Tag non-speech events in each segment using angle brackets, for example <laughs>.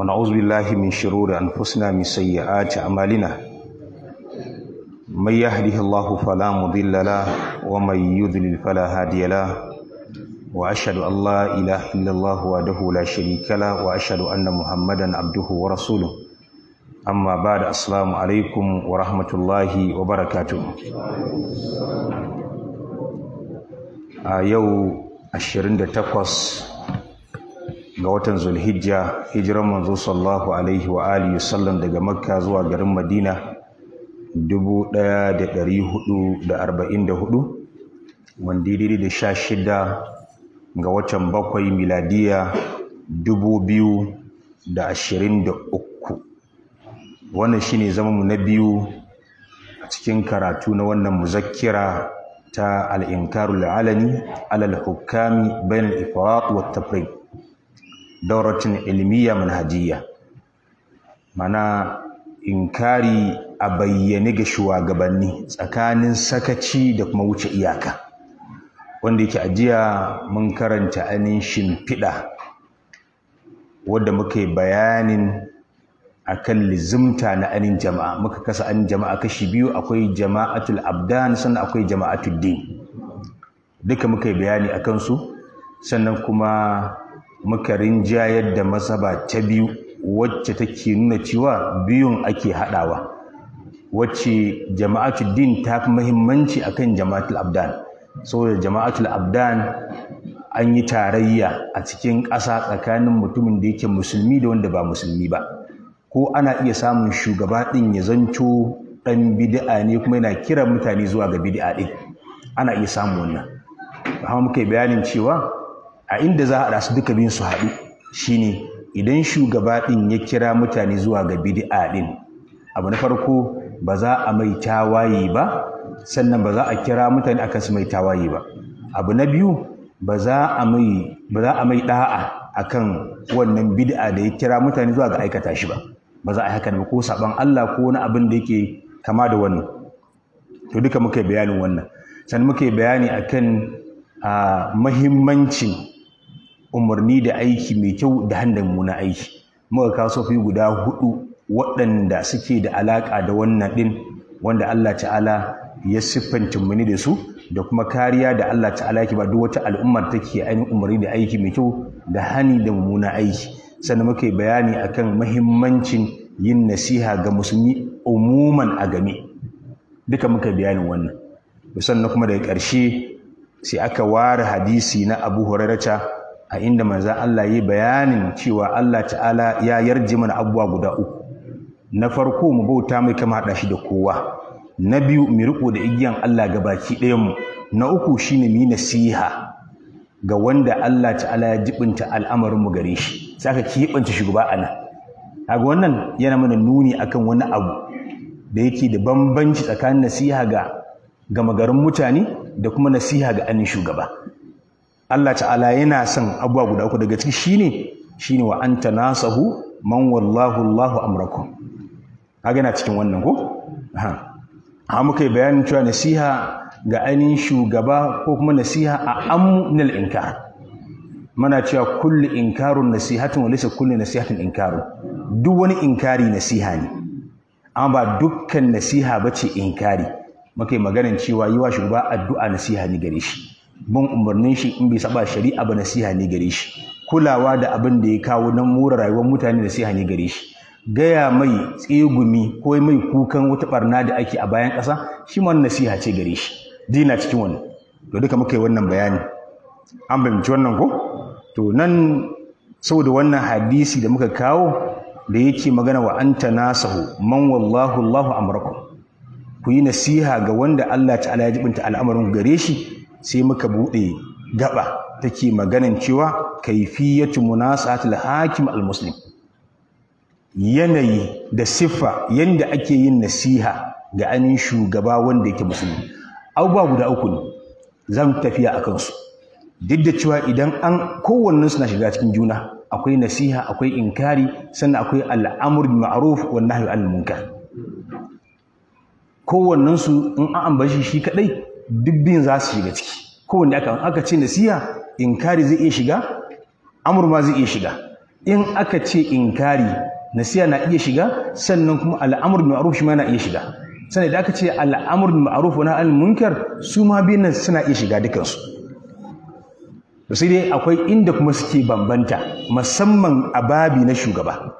ونعوذ بالله من شرور أنفسنا من سيئات أعمالنا من يهده الله فلا مضل له ومن يضلل فلا هادي له وأشهد أن لا إله إلا الله وحده لا شريك له وأشهد أن محمدا عبده ورسوله أما بعد السلام عليكم ورحمة الله وبركاته a yau 28 ga watan zulhijja hijiran manzo sallallahu alaihi wa alihi sallam daga makka zuwa garin madina 1444 wanda daidai da sha shida ga watan bakwai miladiya 2023 wannan shine mu na biyu a cikin karatu na wannan muzakkira ta al-inkarul alani alal hukami bayan ifrat wa tafriq dauratin ilmiya manhajiya mana inkari a bayyane ga shugabanni tsakanin sakaci da kuma wuce iyaka wanda yake ajiya mun karanta anin shimfiɗa wadda muka yi bayanin akan lizimta na anin jama'a muka kasa anin jama'a kashi biyu akwai jama'atul abdan sannan akwai jama'atul din duka muka yi bayani a kansu, sannan kuma muka rinjayar da masaba ta biyu wacce take nuna cewa biyun ake haɗawa wacce jama'atul din ta fi muhimmanci akan jama'atul abdan saboda jama'atul abdan an yi tarayya a cikin ƙasa tsakanin mutumin da yake musulmi da wanda ba musulmi ba ko ana iya samun shugaba ɗin ya zanco ɗan bid'a ne kuma yana kiran mutane zuwa ga bid'a ɗin ana iya samun wannan amma muka yi bayanin cewa a inda za a rasu duka biyun su haɗu shine idan shugaba ɗin ya kira mutane zuwa ga bid'a ɗin abu na farko ba za a mai tawaye ba sannan ba za a kira mutane akan su mai tawaye ba abu na biyu ba za a mai ba a mai da'a akan wannan bid'a da ya kira mutane zuwa ga aikata shi ba ba za a yi haka ba ko saban Allah ko wani abin da yake kama da wannan to duka muka bayanin wannan sannan muka bayani akan a mahimmancin umarni da aiki mai kyau da hannun muna aiki muka kasofi guda hudu waɗanda suke da alaƙa da wannan ɗin wanda Allah ta'ala ya siffanta muni da su da kuma kariya da Allah ta'ala yake ba duk wata al'ummar take ainihin umarni da aiki mai kyau da hani da mummuna aiki sannan muka yi bayani akan mahimmancin yin nasiha ga musulmi umuman a game duka muka bayanin wannan na kuma daga ƙarshe sai aka ware hadisi na Abu Hurairah a inda manzan Allah yi bayanin cewa Allah ta'ala ya yarje mana abubuwa guda uku na farko mu bauta mai kama haɗa shi da kowa na biyu mu riko da igiyan Allah ga baki ɗayanmu na uku shine mu yi nasiha ga wanda Allah ta'ala ya jibinta al'amarin mu gare shi saka keɓanta shugaba a nan kaga wannan yana mana nuni akan wani abu da yake da bambanci tsakanin nasiha ga gama garin mutane da kuma nasiha ga annin shugaba Allah ta'ala yana son abuwa guda uku daga ciki Shi shine wa anta nasahu man wallahu Allahu amrakum kaga yana cikin wannan ko ha ha muka yi bayanin cewa nasiha ga ainihin shugaba ko kuma nasiha a ammu inkar mana cewa kulli inkarun nasihatun walisa kulli nasihatin inkarun duk wani inkari nasiha ne amma ba dukkan nasiha bace inkari muka yi maganin cewa yi wa shugaba addu'a nasiha ne gare shi bin umarnin shi in bai saba shari'a ba nasiha ne gare shi kulawa da abin da ya kawo nan mura rayuwar mutane nasiha ne gare shi gaya mai tsegumi ko mai kukan wata barna da ake a bayan ƙasa shi ma nasiha ce gare shi dina cikin wannan to duka muka yi wannan bayani an fahimci wannan ko to nan saboda wannan hadisi da muka kawo da yake magana wa anta nasahu man wallahu Allahu amrakum ku yi nasiha ga wanda Allah ta'ala ya jibinta al'amarin gare shi sai muka buɗe gaba take maganin cewa kaifiyatu munasatil hakim al-muslim yanayi da siffa yadda ake yin nasiha ga anin shugaba wanda yake musulmi abubuwa guda uku ne zan tafiya a kansu duk da cewa idan an kowanne suna shiga cikin juna akwai nasiha akwai inkari sannan akwai al'amur bil ma'ruf wan nahyi anil munkar in an ambashi shi kadai dubbin za su shiga ciki kowanne aka aka ce nasiha inkari zai iya shiga amur ma zai iya shiga in aka ce inkari nasiha na iya shiga sannan kuma al'amur bin ma'ruf shi ma na iya shiga sai da aka ce al'amur bin ma'ruf wa munkar su ma bin nan suna iya shiga dukansu to sai dai akwai inda kuma suke bambanta musamman a babi na shugaba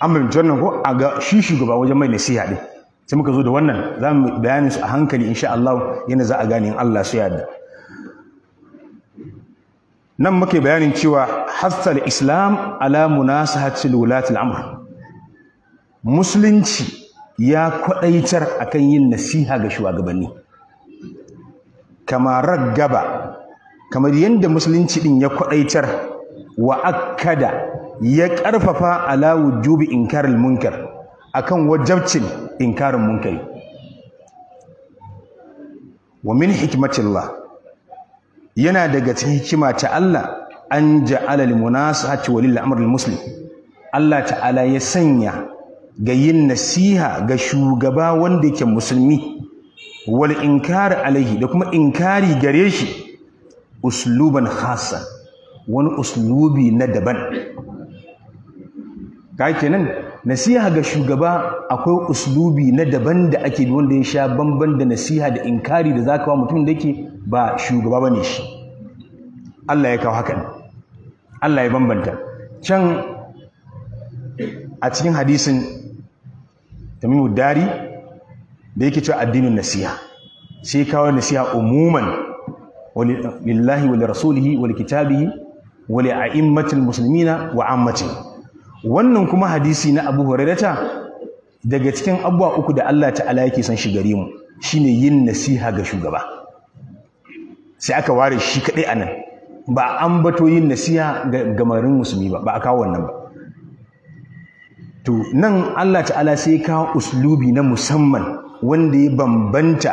amma jannan ko a ga shi shugaba wajen mai nasiha din sai muka zo da wannan za mu bayanin su a hankali insha Allah yana za a gane in Allah su yadda. nan muke bayanin cewa hasal islam ala munasahatil wulatil amr musulunci ya kwadaitar akan yin nasiha ga shugabanni kama raggaba kamar yadda musulunci ɗin ya kwadaitar wa akkada ya karfafa ala wujubi inkaril munkar akan wajabcin inkarin munkari wa min hikmatillah yana daga cikin hikima ta Allah an ja'ala lil munasahati wa lil amr muslim Allah ta'ala ya sanya ga yin nasiha ga shugaba wanda yake musulmi wal inkari alaihi da kuma inkari gare shi usluban khassa wani uslubi na daban ka kenan nasiha ga shugaba akwai uslubi na daban da ake bi wanda ya sha bamban da nasiha da inkari da zaka wa mutum da ke ba shugaba ba ne shi Allah ya kawo hakan Allah ya bambanta can a cikin hadisin Tamimu Dari da yake cewa addinin nasiha sai kawo nasiha umuman lillahi wa rasulihi wa kitabihi wa li musulmina muslimina wa wannan kuma hadisi na Abu Hurairata daga cikin abuwa uku da Allah ta'ala yake son shi gare mu shine yin nasiha ga shugaba sai aka ware shi kaɗai anan ba an bato yin nasiha ga gamarin musulmi ba a kawo wannan ba to nan Allah ta'ala sai kawo uslubi na musamman wanda ya bambanta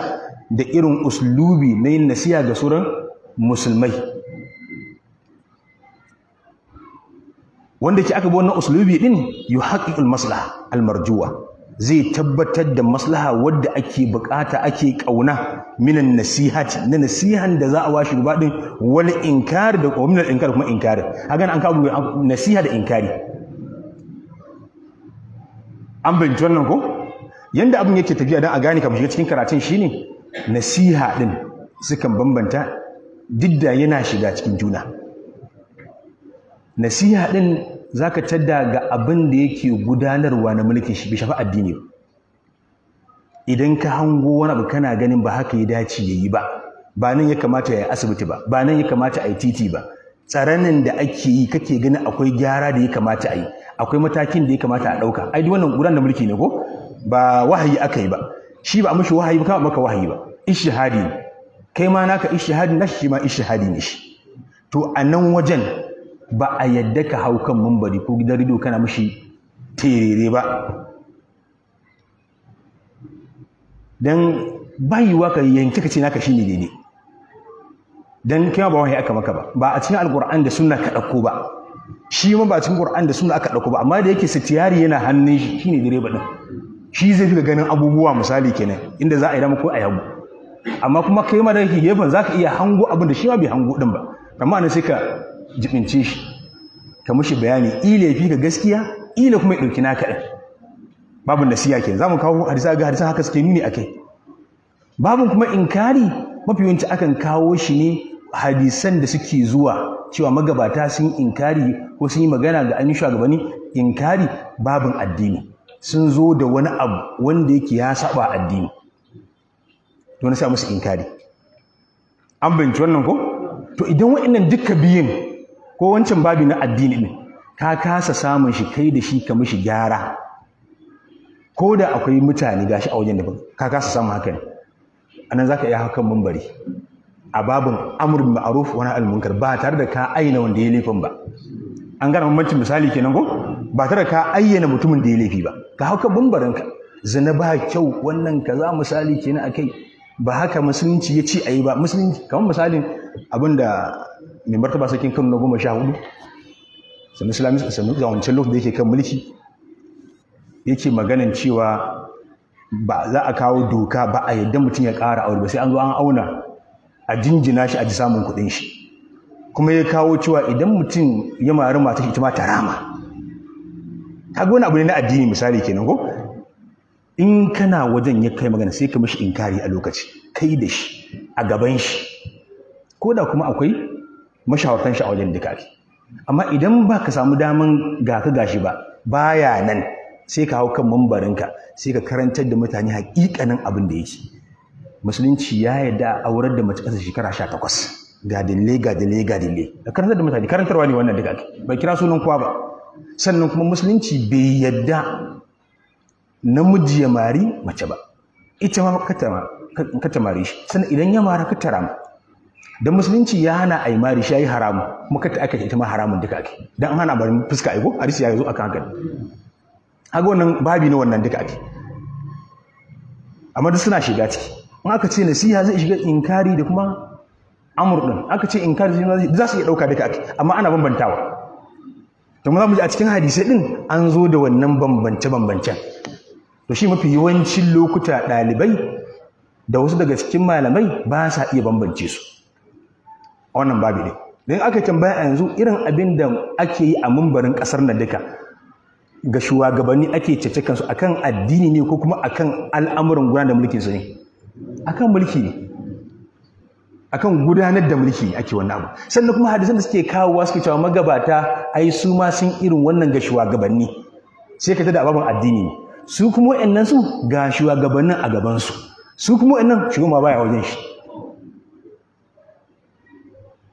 da irin uslubi na yin nasiha ga sauran musulmai wanda ke aka bi wannan uslubi din yuhaqqiqul maslaha almarjuwa zai tabbatar da maslaha wadda ake bukata ake kauna minan nasihat na nasihan da za a washi gaba din wal inkar da kuma inkar kuma inkar hagan an ka nasiha da inkari an bincin wannan ko yanda abin yake tafiya dan a gane kamar shiga cikin karatun shine nasiha din sukan bambanta didda yana shiga cikin juna nasiha din zaka tada ga abin da yake gudanarwa na mulki shi bishafa addini idan ka hango wani abu kana ganin ba haka ya dace yayi ba ba nan ya kamata ya yi asibiti ba ba nan ya kamata a titi ba tsaranin da ake yi kake ganin akwai gyara da ya kamata a akwai matakin da ya kamata a ɗauka ai duk wannan gudanar da mulki ne ko ba wahayi aka yi ba shi ba a mishi wahayi ba kama maka wahayi ba ishihadi kai ma naka ishihadi na shi ma ishihadi ne shi to a nan wajen ba a yadda ka hau kan mambari ko gidan rido kana mashi terere ba don bayuwa ka yanki ka ce naka shi ne daidai don kai ba wani aka maka ba ba a cikin alkur'an da sunna ka ɗauko ba shi ma ba a cikin alkur'an da sunna aka ɗauko ba amma da yake satiyari yana hannun shi shine direba din shi zai fi ganin abubuwa misali kenan inda za a yi dama ko a yago amma kuma kai ma da yake gefen za ka iya hango abin da shi ma bai hango din ba amma ne sai ka jibince shi ka mushi bayani ila ya fi ka gaskiya ila kuma ya ɗauki na ɗin babu nasiya ke za mu kawo hadisa ga hadisa haka suke nuni akai babu kuma inkari mafi yawanci akan kawo shi ne hadisan da suke zuwa cewa magabata sun inkari ko sun yi magana ga ainihin shugabanni inkari babin addini sun zo da wani abu wanda yake ya saba addini to na sa musu inkari an binci wannan ko to idan waɗannan duka biyun ko wancan babi na addini ne ka kasa samun shi kai da shi ka mishi gyara ko da akwai mutane gashi a wajen da ka kasa samun haka ne anan zaka iya hakan mumbari a babin amr bil ma'ruf wa nahy munkar ba tare da ka aina wanda ya laifin ba an gana mamancin misali kenan ko ba tare da ka ayyana mutumin da ya laifi ba ka hauka bumbarin ka zina ba kyau wannan kaza misali kenan akai ba haka musulunci ya a ayi ba musulunci kamar misalin abinda mai martaba sarkin kano na goma sha hudu sannan a sannan zawancin lokacin da yake kan mulki yake maganin cewa ba za a kawo doka ba a yadda mutum ya ƙara aure ba sai an zo an auna a jinjina shi a ji samun kuɗin shi kuma ya kawo cewa idan mutum ya mari mata ita ma ta rama kaga wani abu ne na addini misali kenan ko in kana wajen ya kai magana sai ka mishi inkari a lokaci kai da shi a gaban shi ko da kuma akwai mashawartan shi a wajen duka amma idan ba ka samu daman ga ka gashi ba baya nan sai ka hau kan mambarinka sai ka karantar da mutane hakikanin abin da yake musulunci ya yarda aurar da mace ƙasa shekara sha takwas gadile gadile gadile, karantar da mutane karantarwa ne wannan duka bai kira sunan kowa ba sannan kuma musulunci bai yarda namiji ya mari mace ba ita ma ka tamari shi sannan idan ya mara ka tara dan musulunci ya hana a yi mari shi ya yi haramu kuma kata aka ita ma haramun duka ake dan hana barin fuska aiko hadisi ya zo kan haka haka wannan babi ne wannan duka ake amma duk suna shiga ciki in aka ce nasiha zai shiga inkari da kuma amur din aka ce inkari za su iya ɗauka duka ake amma ana bambantawa to mu za mu ji a cikin hadisai din an zo da wannan bambance bambancen to shi mafi yawancin lokuta ɗalibai da wasu daga cikin malamai ba sa iya bambance su a wannan babi ne don aka tambaya a yanzu irin abin da ake yi a mumbarin ƙasar nan duka ga shugabanni ake cece kansu akan addini ne ko kuma akan al'amuran gudanar da mulkin su ne akan mulki ne akan gudanar da mulki ake wannan abu sannan kuma hadisan da suke kawowa suke cewa magabata ai su ma sun irin wannan ga shugabanni sai ka tada ababen addini ne su kuma wa'annan su ga shugabannin a gaban su su kuma wa'annan shugaba baya wajen shi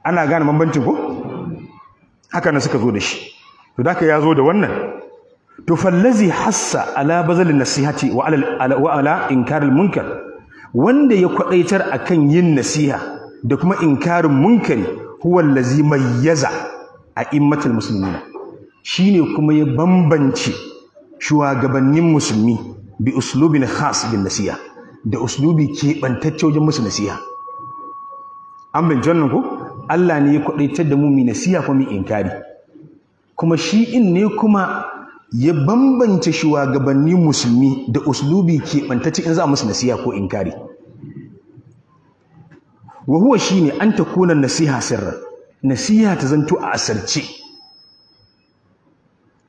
ana gane bambancin ko haka na suka zo da shi to da ya zo da wannan to fallazi hassa ala bazal nasihati wa ala wa ala al munkar wanda ya kwadaitar akan yin nasiha da kuma inkarin munkari huwa allazi mayyaza a immatul muslimina shine kuma ya bambance shugabannin musulmi bi uslubin khas bin nasiha da uslubi keɓantacce wajen musu nasiha an bin jannan ko Allah ne ya ta da mu mai nasiha ko mu inkari kuma shi in ne kuma ya bambance shugabannin musulmi da uslubi ke keɓantacce in za musu nasiha ko inkari wa shi ne an takuna nasiha sirra nasiha ta zanto a asarce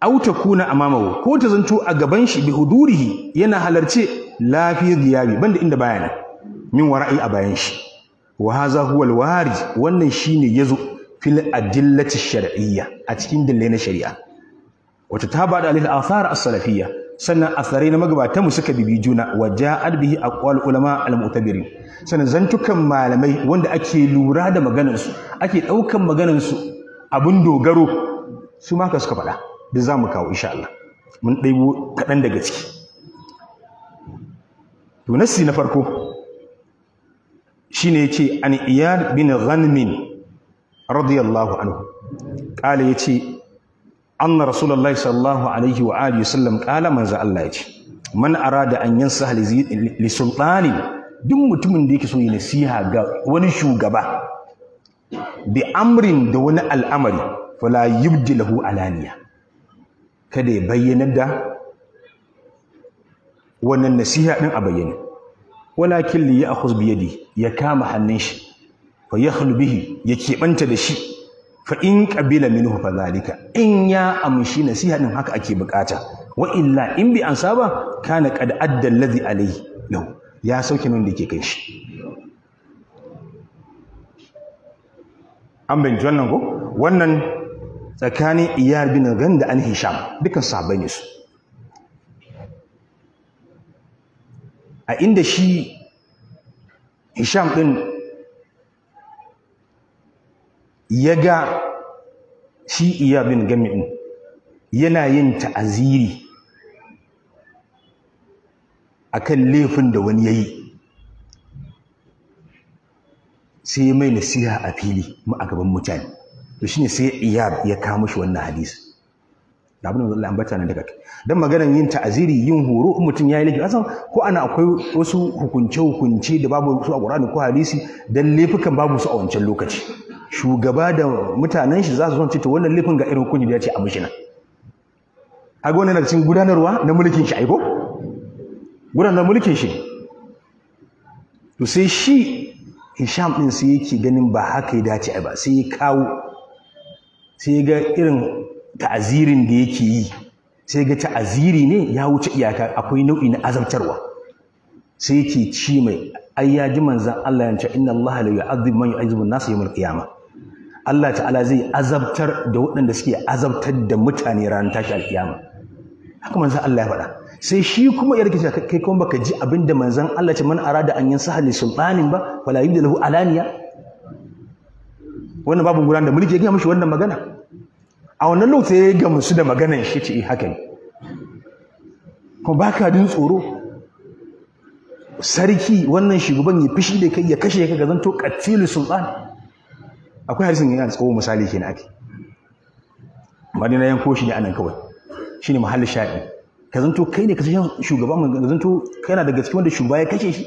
aw a amamahu ko ta zanto a gaban shi bi hudurihi yana halarce lafiyar ban banda inda bayana min wara'i a bayan shi wa haza huwa alwari wannan shine yazo fil adillati shar'iyya a cikin dillai na shari'a wata taba da alil athar as-salafiyya sannan asarai na magabatan mu suka bibi juna wa ja'al bihi aqwal ulama al-mu'tabirin sannan zantukan malamai wanda ake lura da maganar su ake daukan maganar su abun dogaro su ma ka suka faɗa da za mu kawo insha Allah mun ɗaibo kaɗan daga ciki to nasi na farko shine yace an iya bin ghanmin radiyallahu anhu qala yace anna rasulullahi sallallahu alaihi wa alihi wasallam qala manzo Allah ce. man arada an yansaha li sultani duk mutumin da yake so ya nasiha ga wani shugaba bi amrin da wani al'amari fala yubdi lahu alaniya kada ya bayyana da wannan nasiha din a bayyana walakin li ya'khudh bi yadi ya kama hannun shi fa yakhlu bihi ya keɓanta da shi fa in qabila minhu fa zalika in ya amshi nasiha haka ake bukata wa illa in bi an saba kana qad adda alladhi alayhi lahu ya sauke min da yake kai shi an bin wannan ko wannan tsakanin iyar bin ganda an hisham dukan sahabbai su a inda shi hisham ɗin ya ga shi iya bin gami yana yin ta'aziri a kan laifin da wani ya yi sai ya mai nasiha a fili a gaban mutane to shine sai iyab ya kawo mashi wannan hadisi da abin da Allah ambata nan daga kai dan maganar yin ta'aziri yin horo in mutum yayi laifi asan ko ana akwai wasu hukunce hukunce da babu su a Qur'ani ko hadisi dan laifukan babu su a wancan lokaci shugaba da mutanen shi za su zance to wannan laifin ga irin hukunci da ya ce a mishi nan a wannan na cikin gudanarwa na mulkin shi aiko gudanar mulkin shi to sai shi Hisham din sai yake ganin ba haka ya dace ba sai ya kawo sai ya ga irin ta'azirin da yake yi sai ga ta'aziri ne ya wuce iyaka akwai nau'i na azabtarwa sai yake ci mai ai ya ji manzan Allah ya ce inna Allah la yu'adhib man yu'adhibu an-nas yawm al-qiyamah Allah ta'ala zai azabtar da waɗanda suke azabtar da mutane ranar tashi alkiyama haka manzan Allah ya faɗa sai shi kuma ya rike kai kuma baka ji abinda manzan Allah ce man arada an yin sahali sultanin ba wala yubda lahu alaniya wannan babu guran da mulki ya gaya mishi wannan magana a wannan lokaci ya gamsu da maganan shi ce eh, haka ne kuma ba ka jin tsoro sarki wannan shugaban ya fishi da kai ya kashe ka gazan to katilu sultan akwai harisun yana tsawo misali ke na ake madina yanko shi ne anan kawai shi ne mahallin sha'i ka to kai ne ka kashe shugaban ka kai kana daga cikin wanda shugaba ya kashe shi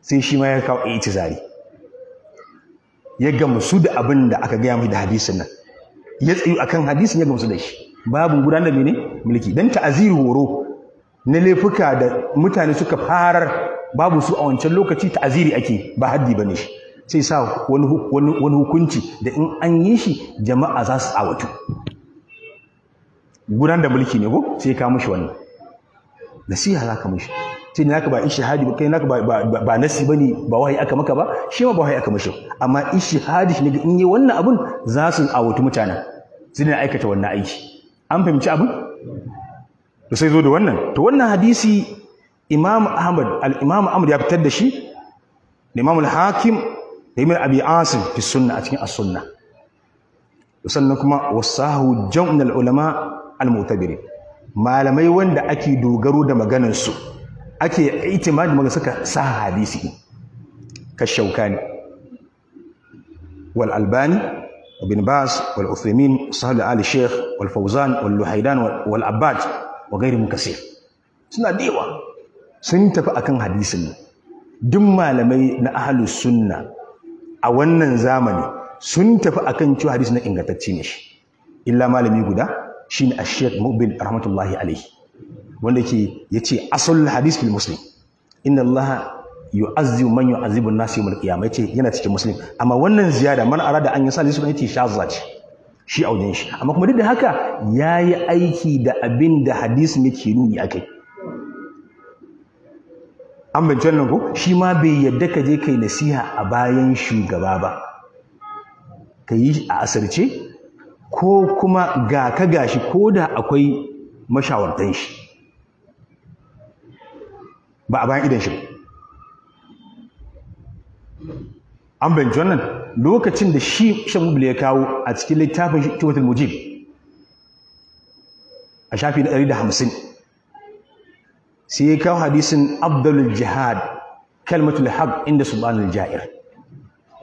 sai shi ma ya kawo zari. ya gamsu da abin da aka gaya mai da hadisin nan ya tsayu akan hadisin ya gamsu da shi babin gudanar da mene mulki dan ta'aziri horo na laifuka da mutane suka farar babu su a wancan lokaci ta'aziri ake ba haddi bane shi sai sa wani hukunci da in an yi shi jama'a za su tsawatu gudanar da mulki ne ko sai ka mushi wannan nasiha za ka mushi tun naka ba ishihadi kai naka ba ba nasi bane ba wahayi aka maka ba shi ma ba wahayi aka mishi amma ishihadi ne in yi wannan abun za su awatu mutanen zai na aikata wannan aiki an fahimci abun? to sai zo da wannan to wannan hadisi imam ahmad al-imam ahmad ya fitar da shi da imam al-hakim da imam abi asim fi sunna a cikin as-sunna sannan kuma wasahu jam'ul ulama al-mu'tabirin malamai wanda ake dogaro da maganar su ake itimadi maga suka sa hadisi ka shaukani wal albani ibn bas wal uthaymin sahal al sheikh wal fawzan wal luhaidan wal abbad wa ghairihim mukasir suna diwa sun tafi akan hadisin duk malamai na ahlus sunna a wannan zamani sun tafi akan cewa hadisi na ingantacce ne shi illa malami guda shine ash-sheikh mubin rahmatullahi alaihi wanda ke yace asul hadis fil muslim inna Allah yu'azzibu man yu'azzibu an-nas yawm al-qiyamah yana cikin muslim amma wannan ziyada man arada an sa lisu yace shazza ce shi auden shi amma kuma duk da haka yayi aiki da abin da hadisin yake nuni akai an bin nan ko shi ma bai yadda ka je kai nasiha a bayan shugaba ba ka yi a asirce ko kuma ga ka gashi ko da akwai mashawartan shi ba a bayan idan shi an bayanci wannan lokacin da shi shan ya kawo a cikin littafin tuwatul mujib a shafi na hamsin, sai ya kawo hadisin Abdul jihad kalmatul haq inda subhanal ja'ir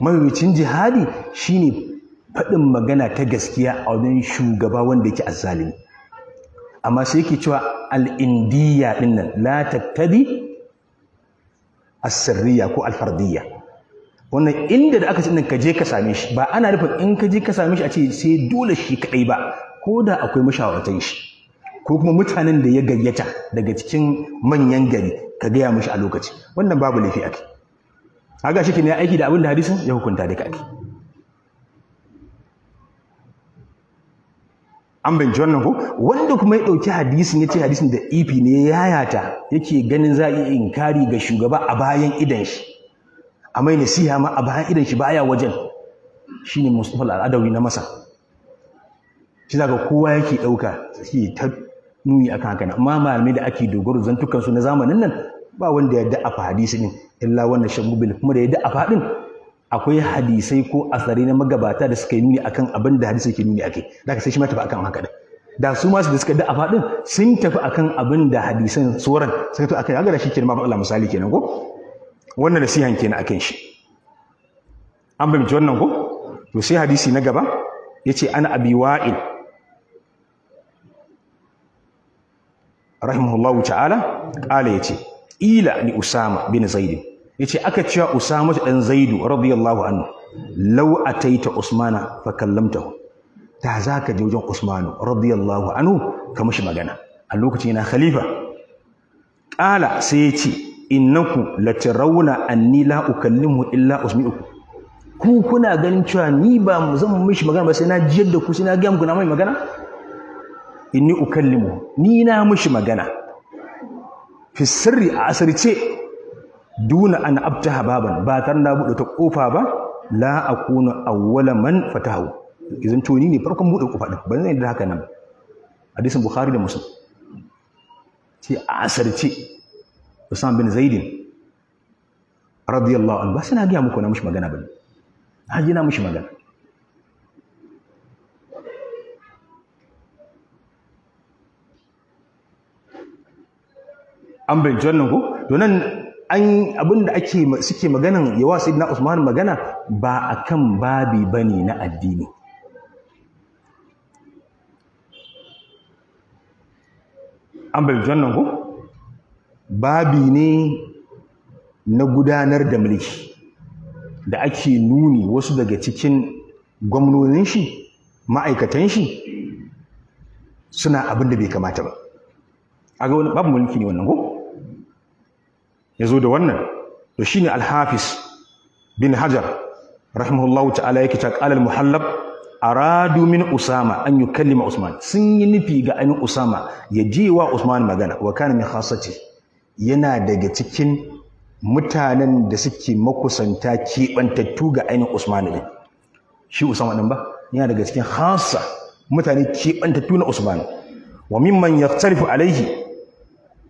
mawuyacin jihadi shine faɗin magana ta gaskiya a wajen shugaba wanda yake azzalimi amma sai yake cewa al-indiya dinnan la tattabi asirriya ko alfardiyya wannan inda da aka ce ka je ka same shi ba ana nufin in ka je ka same shi a ce sai dole shi kaɗai ba ko da akwai mashawartan shi ko kuma mutanen da ya gayyata daga cikin manyan gari ka gaya mashi a lokaci wannan babu laifi ake haka shi ne aiki da abin da hadisin ya hukunta da ake an binci wannan ko wanda kuma ya ɗauki hadisin ya ce hadisin da ifi e ne ya yata yake ganin za a iya inkari ga shugaba a bayan idan shi a mai siya ma a bayan idan shi baya wajen shine Mustapha al'adawi na masa. shi zaka kowa yake ɗauka shi ta nuni akan haka amma malamai da ake dogaro zantukan su na zamanin nan ba wanda ya da'afa hadisi illa wannan shamubil kuma da ya fadin. akwai hadisai ko asari na magabata da suka yi nuni akan abin da hadisai ke nuni ake? da sai shi ma tafi akan haka da da su masu da suka da a fadin sun tafi akan abin da hadisan tsoron suka to akai haka shi kenan ma Allah misali kenan ko wannan nasihan kenan akan shi an fahimci wannan ko to sai hadisi na gaba yace ana abi wa'il rahimahullahu ta'ala qala yace ila ni usama bin zaidi. yace aka cewa usama dan zaidu radiyallahu anhu a ataita usmana fa kallamtahu ta ka je wajen usmanu radiyallahu anhu ka mishi magana a lokacin yana khalifa Ƙala sai yace innaku latarawna anni la ukallimu illa usmi'uku ku kuna ganin cewa ni ba zan mishi magana ba sai na jiyar da ku sai na ga muku na mai magana inni ukallimu ni na mishi magana fi sirri a asirce duna an abtaha baban ba tare na buɗe ta kofa ba la akunu awwala man fatahu idan to ni ne farkon buɗe kofa din ban zai da haka nan hadisin bukhari da muslim ce a asarce usman bin zaidin radiyallahu anhu ba sai na gaya muku na mushi magana bane ji na mushi magana an bincin wannan ko to nan an abin da ake suke maganan yawa wasu idina Usman magana ba a kan babi ba ne na addini an bai wannan ko babi ne na gudanar da mulki da ake nuni wasu daga cikin gwamnonin shi ma'aikatan shi suna abin da bai kamata ba a ga wani babu mulki ne wannan ko ya zo da wannan to shine al-hafiz bin hajar rahimahullahu ta'ala yake ta qala al-muhallab aradu min usama an yukallima usman sun yi nufi ga ainihin usama ya je wa usman magana wa kana min ce. yana daga cikin mutanen da suke makusanta keɓantattu ga ainihin usman ne shi usama din ba yana daga cikin khasa mutane keɓantattu na usman wa mimman yaktarifu alaihi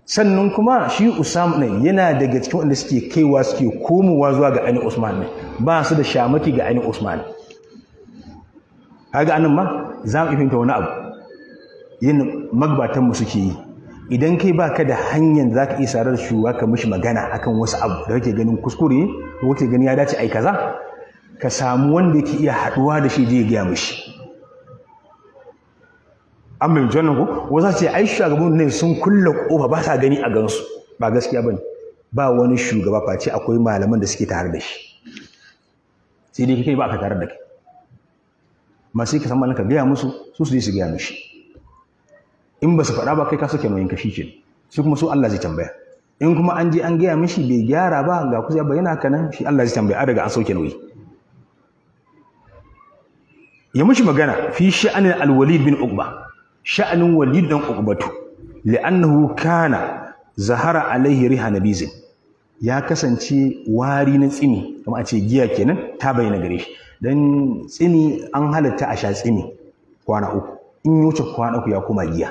sannan kuma shi Usam ne yana daga cikin wanda suke kaiwa suke komowa zuwa ga ainihin Usman ne ba su da shamaki ga ainihin Usman kaga anan ma za mu ifinta wani abu yin magbatan mu suke yi idan kai baka da hanyar za ka iya sarar shuwa ka mishi magana akan wasu abu da kake ganin kuskure ko kake ganin ya dace ai kaza ka samu wanda yake iya haɗuwa da shi je ya gaya mishi an fahimci wannan ko wasu ce ai shugaban ne sun kulle kofa ba sa gani a gansu ba gaskiya bane ba wani shugaba face akwai malaman da suke tare da shi sai dai kai ba ka tare da kai masu ka san malaka gaya musu su su je su gaya mishi in ba su faɗa ba kai ka soke mai kashi ke su kuma su Allah zai tambaya in kuma an je an gaya mishi bai gyara ba ga kusa bayyana ka nan shi Allah zai tambaya a daga an soke nauyi ya mishi magana fi sha'anin alwalid bin uqba sha'anin walid dan uqbatu li'annahu kana zahara alaihi riha nabizin ya kasance wari na tsini kuma a ce giya kenan ta bayyana gare shi dan tsini an halatta a sha tsini kwana uku in wuce kwana uku ya koma giya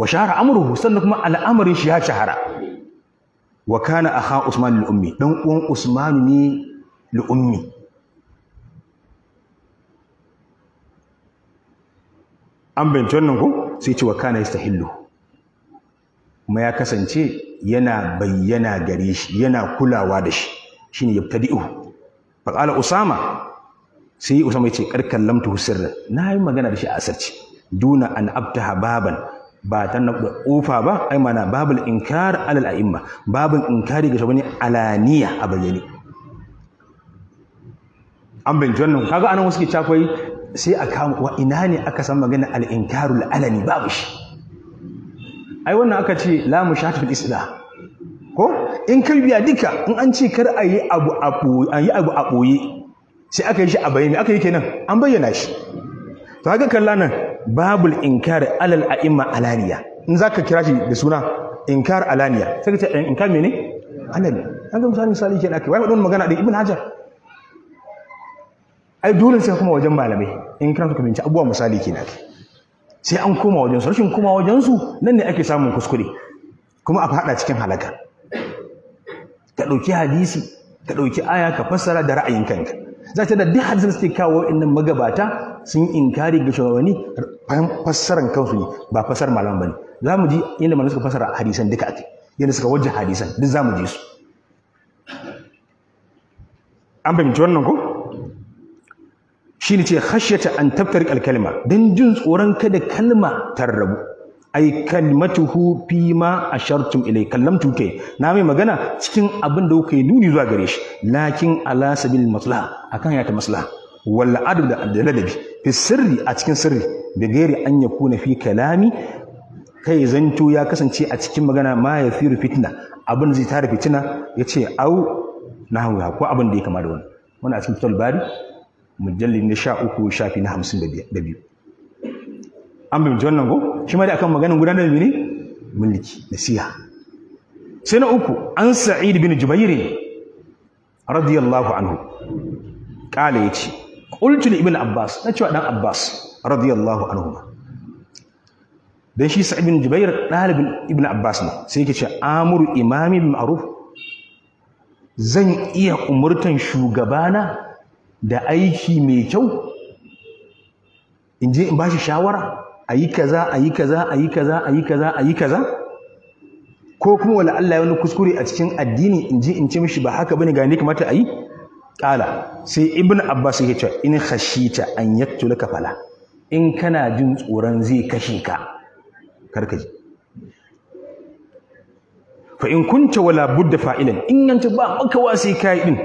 wa shahara amruhu sannan kuma al'amarin shi ya shahara wa kana akha usman lil ummi dan uwan Usmanu ne lil ummi an binci wannan ko sai ce wa kana yastahillu kuma ya kasance yana bayyana gare shi yana kulawa da shi shine yabtadi'u fa qala usama sai usama yace karkan lamtu Na nayi magana da shi a asirci duna an abtaha baban ba ta na ufa ba ai mana babul inkar alal a'imma babul inkari ga shugabanni alaniya a bayyane an bin wannan kaga anan wasu ke cakwai sai a kama wa ina ne aka san magana al’inkarul inkarul alani babu shi ai wannan aka ce lamu mushahatul isla ko in ka biya duka in an ce kar a yi abu a ɓoye sai aka yi shi a bayani aka yi kenan an bayyana shi to haka kalla nan babu inkar alal a'imma alaniya in za ka kira shi da suna inkar alaniya sai ka ce eh, inkar mene alani an ga misali misali da ake wai wannan magana da ibn hajar ai dole sai kuma wajen malamai in kana so ka binci abubuwa misali kenan sai an koma wajen su rashin koma wajen su nan ne ake samun kuskure kuma a fada cikin halaka ka dauki hadisi ka ɗauki aya ka fassara da ra'ayin kanka za ta da duk hadisin suke kawo innan magabata sun inkari ga shugabanni fassaran kansu ne ba fassar malaman bane za mu ji inda malaman suka fassara hadisan duka ake yadda suka wajja hadisan duk za mu ji su an fahimci wannan ko shine ce khashyata an taftari kalkalma dan jin tsoron kada kalma ta rabu ai kalmatuhu fi ma ashartum ilai kallamtu kai na mai magana cikin abin da kuka yi nuni zuwa gare shi lakin ala sabil maslaha akan ya ta maslaha wal adab da ladabi fi sirri a cikin sirri da gairi an yakuna fi kalami kai zanto ya kasance a cikin magana ma ya firu fitna abin zai tara fitina yace au nahwa ko abin da ya kama da wannan wannan a cikin bari mujalli na sha uku shafi na hamsin da biyu an bimci wannan ko shi ma da akan maganin gudanar da mini mulki siya sai na uku an sa'id bin jubairin radiyallahu anhu kala ya ce qultu li ibn abbas na cewa dan abbas radiyallahu anhu dan shi sa'id bin jubair dalibin ibn abbas ne sai yake ce amuru imami ma'ruf zan iya umurtan shugabana da aiki mai kyau in je in bashi shawara a yi kaza a yi kaza a yi kaza a yi kaza a yi kaza ko kuma wala Allah ya wani kuskure a cikin addini in je in ce mishi ba haka bane ga ne kamata a yi Ƙala, sai ibn abbas ya cewa in khashita an laka fala in kana jin tsoron zai kashe ka karkaji fa in kunta wala budda fa'ilan in yanta ba maka sai kai din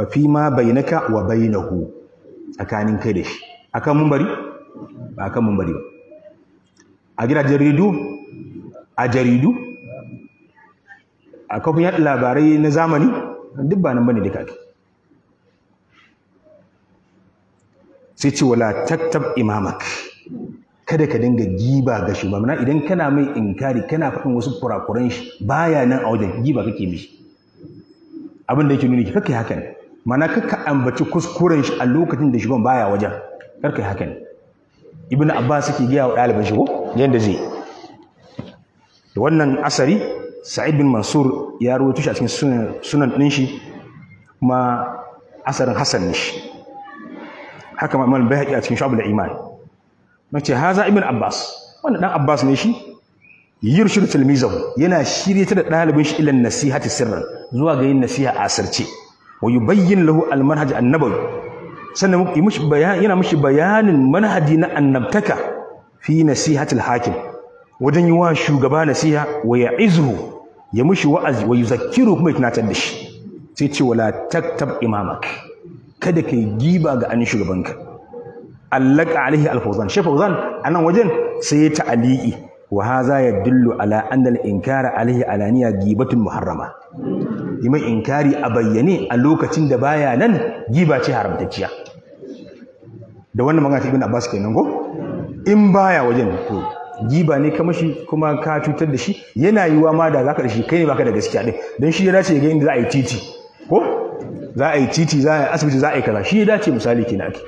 fa fi ma bainaka wa bainahu tsakanin kai da shi akan mumbari ba akan mumbari ba a gida jaridu a jaridu a kafin yaɗa labarai na zamani duk ba nan bane duka ake sai ce wala taktab imamak kada ka dinga giba ga shi shugabana idan kana mai inkari kana faɗin wasu kurakuran shi baya nan a wajen giba kake mishi abin da yake nuni kake haka ne mana kakka ambaci kuskuren shi a lokacin da shugaban baya wajen kar kai haka ne ibnu abbas yake giya wa ɗaliban shi ko yanda zai da wannan asari sa'id bin mansur ya rawaito shi a cikin sunan ɗin shi kuma asarin hasan ne shi haka ma imam bayhaqi a cikin shu'abul iman nace haza ibn abbas wanda dan abbas ne shi yurshidu tilmizahu yana shirye ta da ɗalibin shi ilan ta sirran zuwa ga yin nasiha a asirce wa yubayyin lahu almanhaj annabawi sannan yana mishi bayanin manhaji na annabtaka fi nasihatil hakim wajen yi wa shugaba nasiha wa ya'izuhu ya mushi wa'azi wa yuzakkiru kuma ya tunatar da shi sai ce wala taktab imamak kada kai giba ga an shugabanka allaka alaihi alfawzan shi fawzan anan wajen sai ya ta'aliki wa hadha yadullu ala anna inkara alaihi alaniya gibatun muharrama yi mai inkari a bayyane a lokacin da baya nan giba ce haramtacciya da wannan magana ta ibn abbas kenan ko in baya wajen ko giba ne ka mashi kuma ka cutar da shi yana yiwa ma da zaka da shi kai ne baka da gaskiya din dan shi ya dace ga inda za a yi titi ko za a yi titi za a asibiti za a yi kaza shi ya dace misali kenan ake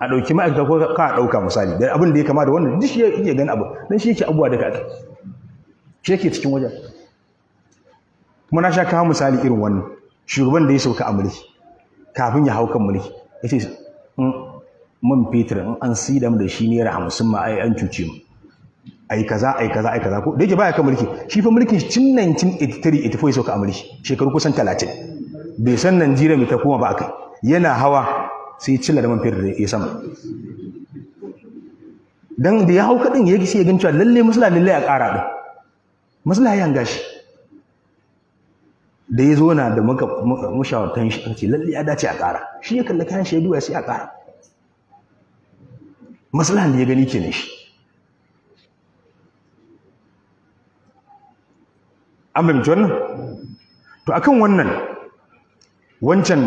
a ɗauki ma'aikata ko ka ɗauka misali dan abin da ya kama da wannan duk shi ya gani abu dan shi yake abuwa daga ake shi yake cikin wajen kuma na sha kawo misali irin wannan shugaban da ya sauka a mulki kafin ya hau kan mulki ya ce mm, mun fetur in an sidam da shi ne hamsin ma ai an cuce mu ai kaza ai kaza ai kaza ko da yake baya kan mulki shi fa mulkin tun 1983 ya sauka a mulki shekaru kusan 30 bai san Najeriya mai ta koma ba akai yana hawa sai cilla da man fetur ya sama dan da ya hau kadin ya gishi ya gancewa lalle musula lalle a ƙara din musula ya yanga shi da ya zo na da muka mushawartan shi ce lalle ya dace a ƙara shi ya kalli kayan shaidu ya sai a ƙara masala da ya gani ke shi an fahimci wannan to akan wannan wancan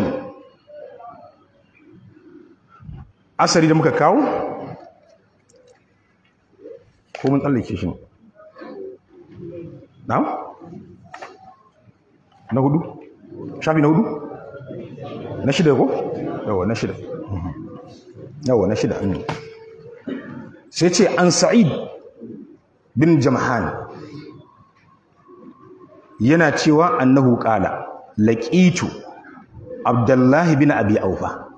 asari da muka kawo ko mun tsallake shi na? na hudu shafi na hudu na shida ko yawa na shida yawa na shida sai ce an sa'id bin jamhan yana cewa annahu qala laqitu abdullahi bin abi aufa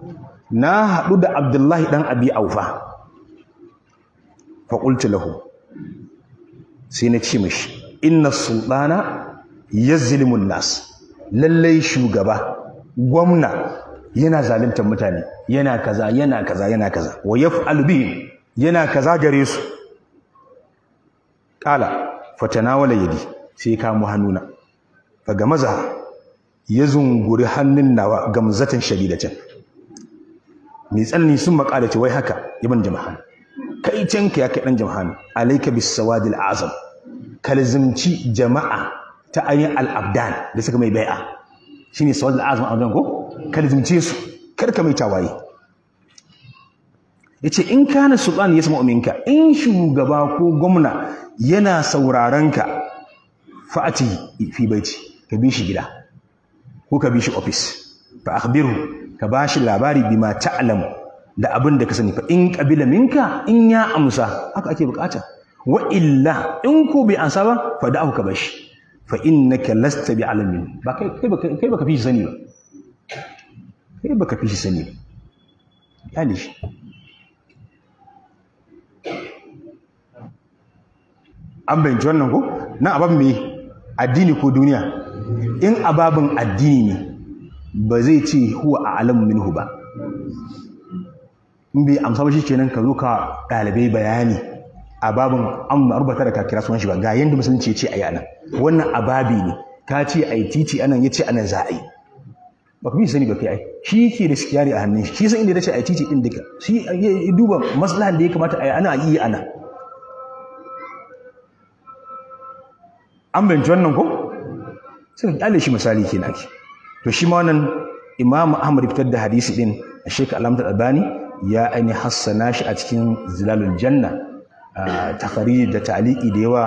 na hadu da abdullahi dan abi aufa faƙultu lahu sai na ce mishi. inna sultana yazlimun nas lallai shugaba gwamna yana zaluntar mutane yana kaza yana kaza yana kaza wa yaf'alu bihim yana kaza gare su qala fatanawala yadi sai ka mu hannuna faga maza ya zunguri hannun nawa gamzatan shadidatan mai tsanani sun makala ce wai haka ibn jama'a kai canka ya kai dan jama'a alayka bis sawadil azam kalzimci jama'a ta ainihin al'abdan da suka mai bai'a shi ne sawal da azumin abdan ko ka lizumce su kar ka mai tawaye ya ce in kana Sultani ya sama ominka, in shugaba ko gwamna yana saurarenka. ka fa'ati fi baiti ka bi shi gida ko ka bi shi ofis fa akhbiru ka ba shi labari ma ta’alam da abin da ka sani fa in qabila minka in ya amsa haka ake bukata wa illa in ko bai ansa ba fa da'u ka bashi fa innaka lasta bi alamin ba kai kai baka kai baka sani ba kai baka fi sani ba yani shi an bayyana wannan ko nan aban me addini ko duniya in ababin addini ne ba zai ce huwa a alam minhu ba in bai amsa ba shi kenan ka zo ka ɗalibai bayani a babin an rubuta da kakira sunan shi ba ga yanda musulunci ya ce a yi anan wannan ababi ne ka ce a yi titi anan ya ce anan za a yi ba ku bi sani ba kai ai shi ke da sikiyari a hannun shi shi san inda ya ce a yi titi din duka shi ya duba maslahan da ya kamata a yi ana a yi ana an binci wannan ko sai ka shi misali kenan ake to shi ma wannan imam ahmad fitar da hadisi din a shekaru alamta albani ya aini hassana shi a cikin zilalul janna takharij da ta'liqi da yawa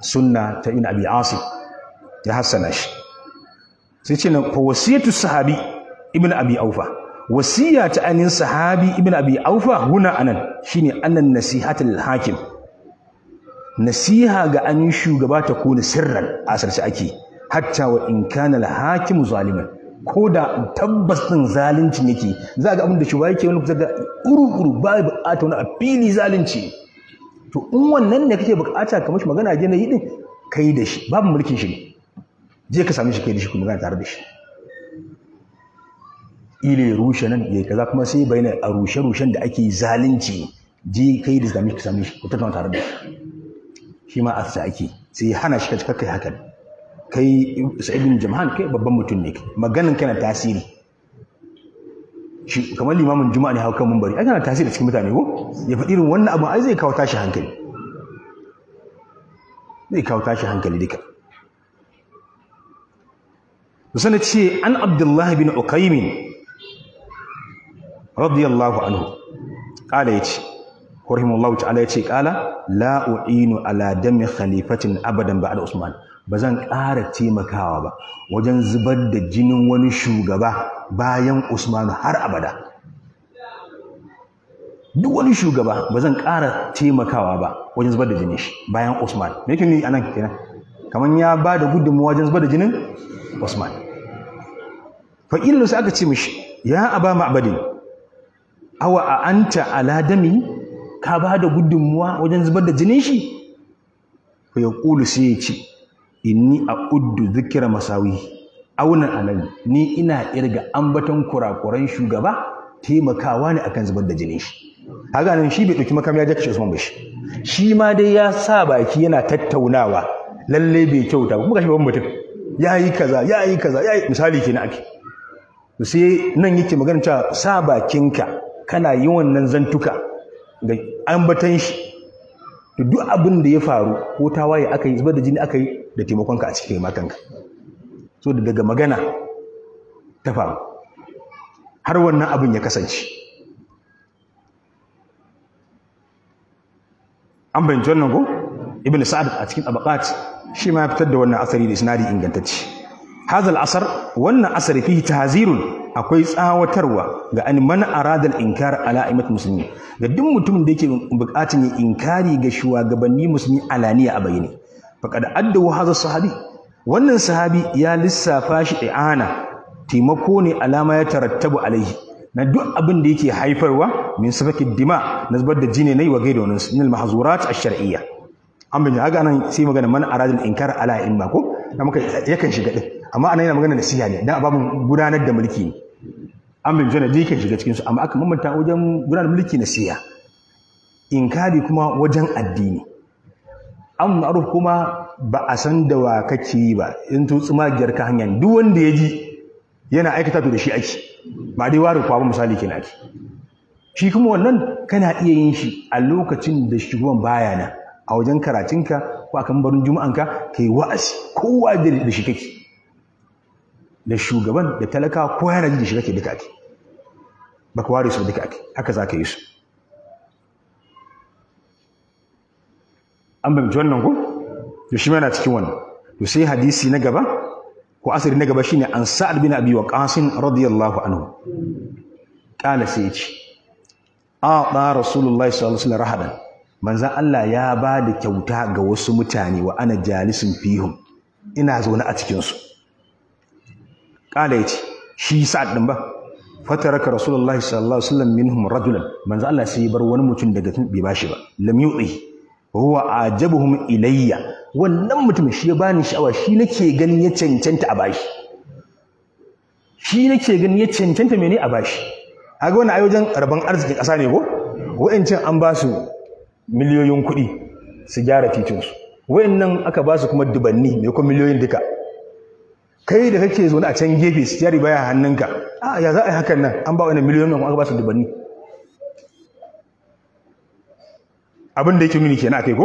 sunna ta ibn abi asim ya hassana shi sai ce nan wasiyatu sahabi ibn abi aufa wasiya ta anin sahabi ibn abi aufa huna anan shine annan nasihatul hakim nasiha ga an shugaba ta kone sirran asarci ake hatta wa in kana al hakim zaliman ko da tabbas din zalunci yake za ga abin da shugaba yake wani kusa da uru-uru ba buƙata wani a fili zalunci to in wannan ne kake bukata ka mishi magana je na yi din kai da shi babu mulkin shi je ka same shi kai da shi ku magana tare da shi ile rushe nan ya kaza kuma sai bayyana a rushe rushen da ake zalunci je kai da zami shi same shi ku tattauna tare da shi shi ma arsa ake sai hana shi ka kai hakan kai sa'ibin jama'an kai babban mutum ne maganin kana tasiri shi kamar limamin juma'a ne mun bari? ai kana tasiri cikin mutane ko ya faɗi irin wannan abu ai zai kawo tashi hankali zai kawo tashi hankali duka musana ce an abdullahi bin uqaymin radiyallahu anhu kala yace rahimahullahu ta'ala yace kala la u'inu ala dami khalifatin abadan ba'da usman ba zan ƙara taimakawa ba wajen zubar da jinin wani shugaba bayan Usman har abada duk wani shugaba ba zan ƙara taimakawa ba wajen zubar da jinin shi bayan Usman me yake ni nan kenan kamar ya ba da gudunmawa wajen zubar da jinin Usman fa illu sai aka ce mishi ya aba ma'badin awa a anta ala dami ka ba da gudunmawa wajen zubar da jinin shi fa yaqulu sai ya ce inni a uddu zikira masawi auna anan ni ina irga ambaton kurakuran shugaba taimakawa ne akan zubar da jinin shi Haga nan shi bai dauki makam ya jaka Usman bashi shi ma dai ya sa baki yana tattaunawa lalle bai kyauta ba kuma shi babban mutum yayi kaza yayi kaza yayi misali kenan ake sai nan yake magana cewa sa bakinka kana yi wannan zantuka ga ambaton shi duk abin da ya faru ko tawaye aka yi zubar da jini aka yi da taimakonka a cikin matanka. so daga magana ta faru har wannan abin ya kasance an bayanci wannan ko ibn sa'ad a cikin tabaqat shi ma ya fitar da wannan asari da sinadi ingantacce hazal asar wannan asari fihi tahzirun akwai tsawatarwa ga an man arada al inkar ala imat muslimin ga duk mutumin da yake bukatun inkari ga shugabanni musulmi alaniya a bayyane faqad addu hadha sahabi wannan sahabi ya lissafa shi i'ana taimako ne alama ya tarattabu alaihi na duk abin da yake haifarwa min sabaki dima na zubar da jini nai wa gaido nan min al-mahzurat ash-shar'iyya an bin haka nan sai magana man aradul inkar ala imma ko da muka yakan shiga din amma anan yana magana nasiha ne dan ababun gudanar da mulki ne an bin jana dike yakan shiga cikin su amma aka mamanta wajen gudanar mulki nasiha inkari kuma wajen addini an ma'aruf kuma ba a san da wa kake yi ba in tu tsumagiyar ka hanya duk wanda ya ji yana aikata to da shi ake ba dai ware kwa ba misali kenan ake shi kuma wannan kana iya yin shi a lokacin da shugaban baya na. a wajen karatunka ko a barin juma'anka ka yi wa'azi kowa da shi kake da shugaban da talaka ko yana ji da shi kake duka ake ka ware su duka ake haka za ka yi su an bamci wannan ko to shi yana cikin wannan to sai hadisi na gaba ko asiri na gaba shine an sa'ad bin abi waqas radiyallahu anhu qala sai ce ata rasulullahi sallallahu alaihi wasallam rahadan manzon Allah ya ba da kyauta ga wasu mutane wa ana jalisin fihum ina zaune a cikin su qala yace shi sa'ad din ba fataraka rasulullahi sallallahu alaihi wasallam minhum rajulan manzon Allah sai ya bar wani mutum daga tun bai bashi ba lam yu'i huwa ajabuhum ilayya wannan mutum shi ya bani sha'awa shi nake ganin ya cancanta a bashi shi nake ganin ya cancanta mene a bashi kaga wannan ai wajen rabon arzikin ƙasa ne ko wa'ancan an ba su miliyoyin kuɗi su gyara titinsu wa'annan aka ba su kuma dubanni mai kuma miliyoyin duka kai da kake zaune a can gefe su jari baya hannunka a ya za a yi hakan nan an ba wani miliyoyin kuma aka ba su dubanni abin da yake nuni kenan akai ko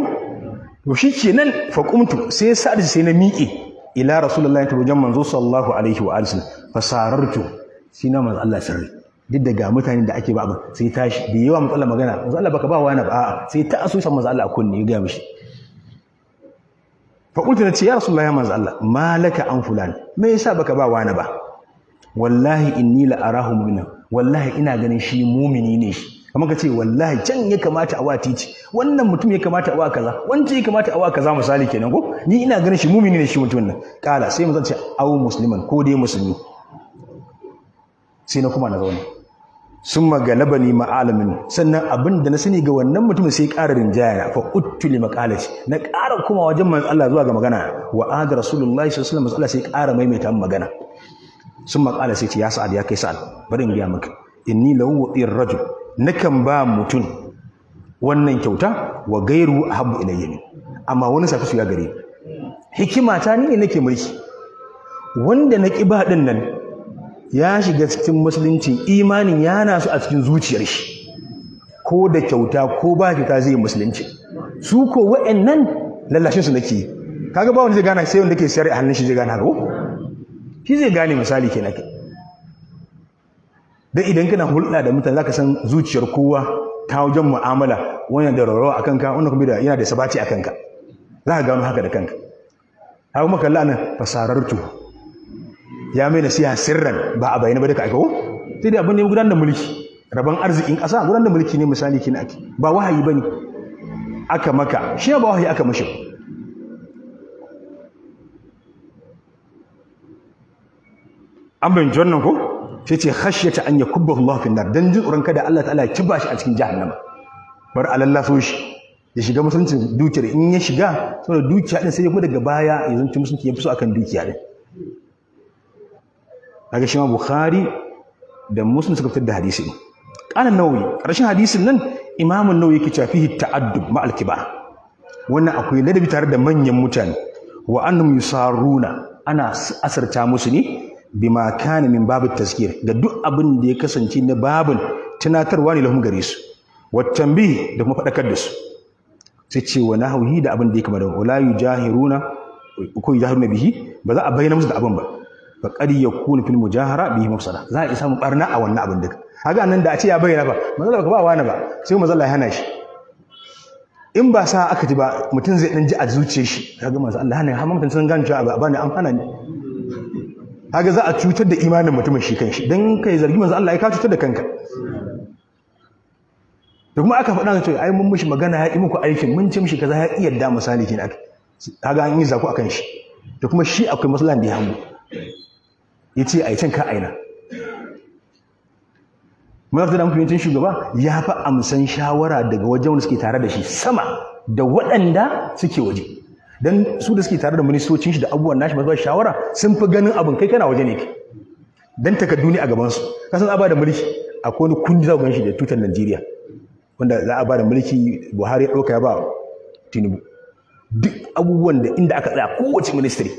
to shi kenan fa qumtu sai sa'ad sai na miƙe ila rasulullahi ta wajen manzo sallallahu alaihi wa alihi fa sarartu shi na manzo Allah sirri duk da ga mutane da ake ba ba sai tashi da yawa manzo Allah magana manzo Allah baka ba wani ba a'a sai ta asusa manzo Allah a kunne ya ga mishi fa kuntu na ce ya rasulullahi manzo Allah malaka an fulan me yasa baka ba wani ba wallahi inni la arahu mu'mina wallahi ina ganin shi mumini ne shi amma ka ce wallahi can ya kamata a wa titi wannan mutum ya kamata a wa kaza wancan ya kamata a wa kaza misali kenan ko ni ina ganin shi mumini ne shi mutum nan kala sai mu ce aw musliman ko dai musulmi sai na kuma na zauna sun magalaba ni ma'alamin sannan abin da na sani ga wannan mutumin sai ƙara rinjaya fa uttu li maqalati na ƙara kuma wajen manzo Allah zuwa ga magana wa ahad rasulullahi sallallahu alaihi wasallam sai ƙara maimaita magana sun maqala sai ce ya sa'ad ya kai sa'ad bari in ga maka inni lawu rajul nakan ba mutum wannan kyauta wa gairu a haɓu min amma wani safi su ya gare hikima ta ni ne nake mulki wanda na ƙiba din nan ya shiga cikin musulunci imanin na su a cikin zuciyar shi ko da kyauta ko ba kyauta zai musulunci su ko nan lallashin su nake kaga ba wani zai gana sai wanda ke sayar a hannun shi zai gana ko shi zai gane misali kenan don idan kana hulɗa da mutane zaka san zuciyar kowa ta wajen mu'amala wannan da rarrawa a kanka wannan kuma da yana da sabaci a kanka za ka gano haka da kanka ha kuma kalla nan fasarartu ya mai nasiha sirran ba a bayyana ba duka ko? Oh, sai dai abin ne gudanar da mulki raban arzikin ƙasa gudanar da mulki ne misali kina ake ba wahayi bane aka maka shi ba wahayi aka mashi an bayanci wannan ko sai ce khashyata an yakubbahu Allah fi nar dan jin tsoron kada Allah ta'ala ya kiba shi a cikin jahannama bar alallaso shi ya shiga musuluncin dukiyar in ya shiga saboda dukiya din sai kuma daga baya ya zanci musulunci ya fi so akan dukiya din kaga shi ma Bukhari da Muslim suka fitar da hadisi ne. qala nawawi karshen hadisin nan Imam an-Nawawi yake cewa fihi ta'addub ma'al kibar wannan akwai ladabi tare da manyan mutane wa annum yusaruna ana asarta musu ne bima kana min babu tazkir Da duk abin da ya kasance na Babun tunatarwa ne lahum gare su watanbih da kuma fadakar da su sai ce wa nahwi da abin da ya kama da wala yujahiruna ko yujahiruna bihi ba za a bayyana musu da abin ba fa qad yakunu fil mujahara bihi mafsada za a isa mu barna a wannan abin duka Haga nan da a ce ya bayyana ba manzo ba ba wani ba sai manzo Allah ya hana shi in ba sa aka ji ba mutum zai dan ji a zuciyar shi kaga manzo Allah hana ya hana mutum sun gane cewa ba ne amfana hana ne kaga za a cutar da imanin mutumin shi kanshi dan kai zargi manzo Allah ya ka cutar da kanka da kuma aka faɗa cewa ai mun mishi magana ya yi muku aikin mun ce mishi kaza ya iya da misali kenan aka kaga an yi zaku akan shi da kuma shi akwai masalan da ya hango yace ai can ka aina munafta da mutuncin shugaba ya fi amsan shawara daga wajen wanda suke tare da shi sama da waɗanda suke waje dan su da suke tare da ministocin shi da abubuwan nashi masu shawara sun fi ganin abin kai kana waje ne ke dan takardu ne a gaban su kasan a bada mulki akwai wani kundi za ganshi da tutar Najeriya wanda za a bada mulki Buhari ya dauka ya ba Tinubu duk abubuwan da inda aka tsaya kowace ministry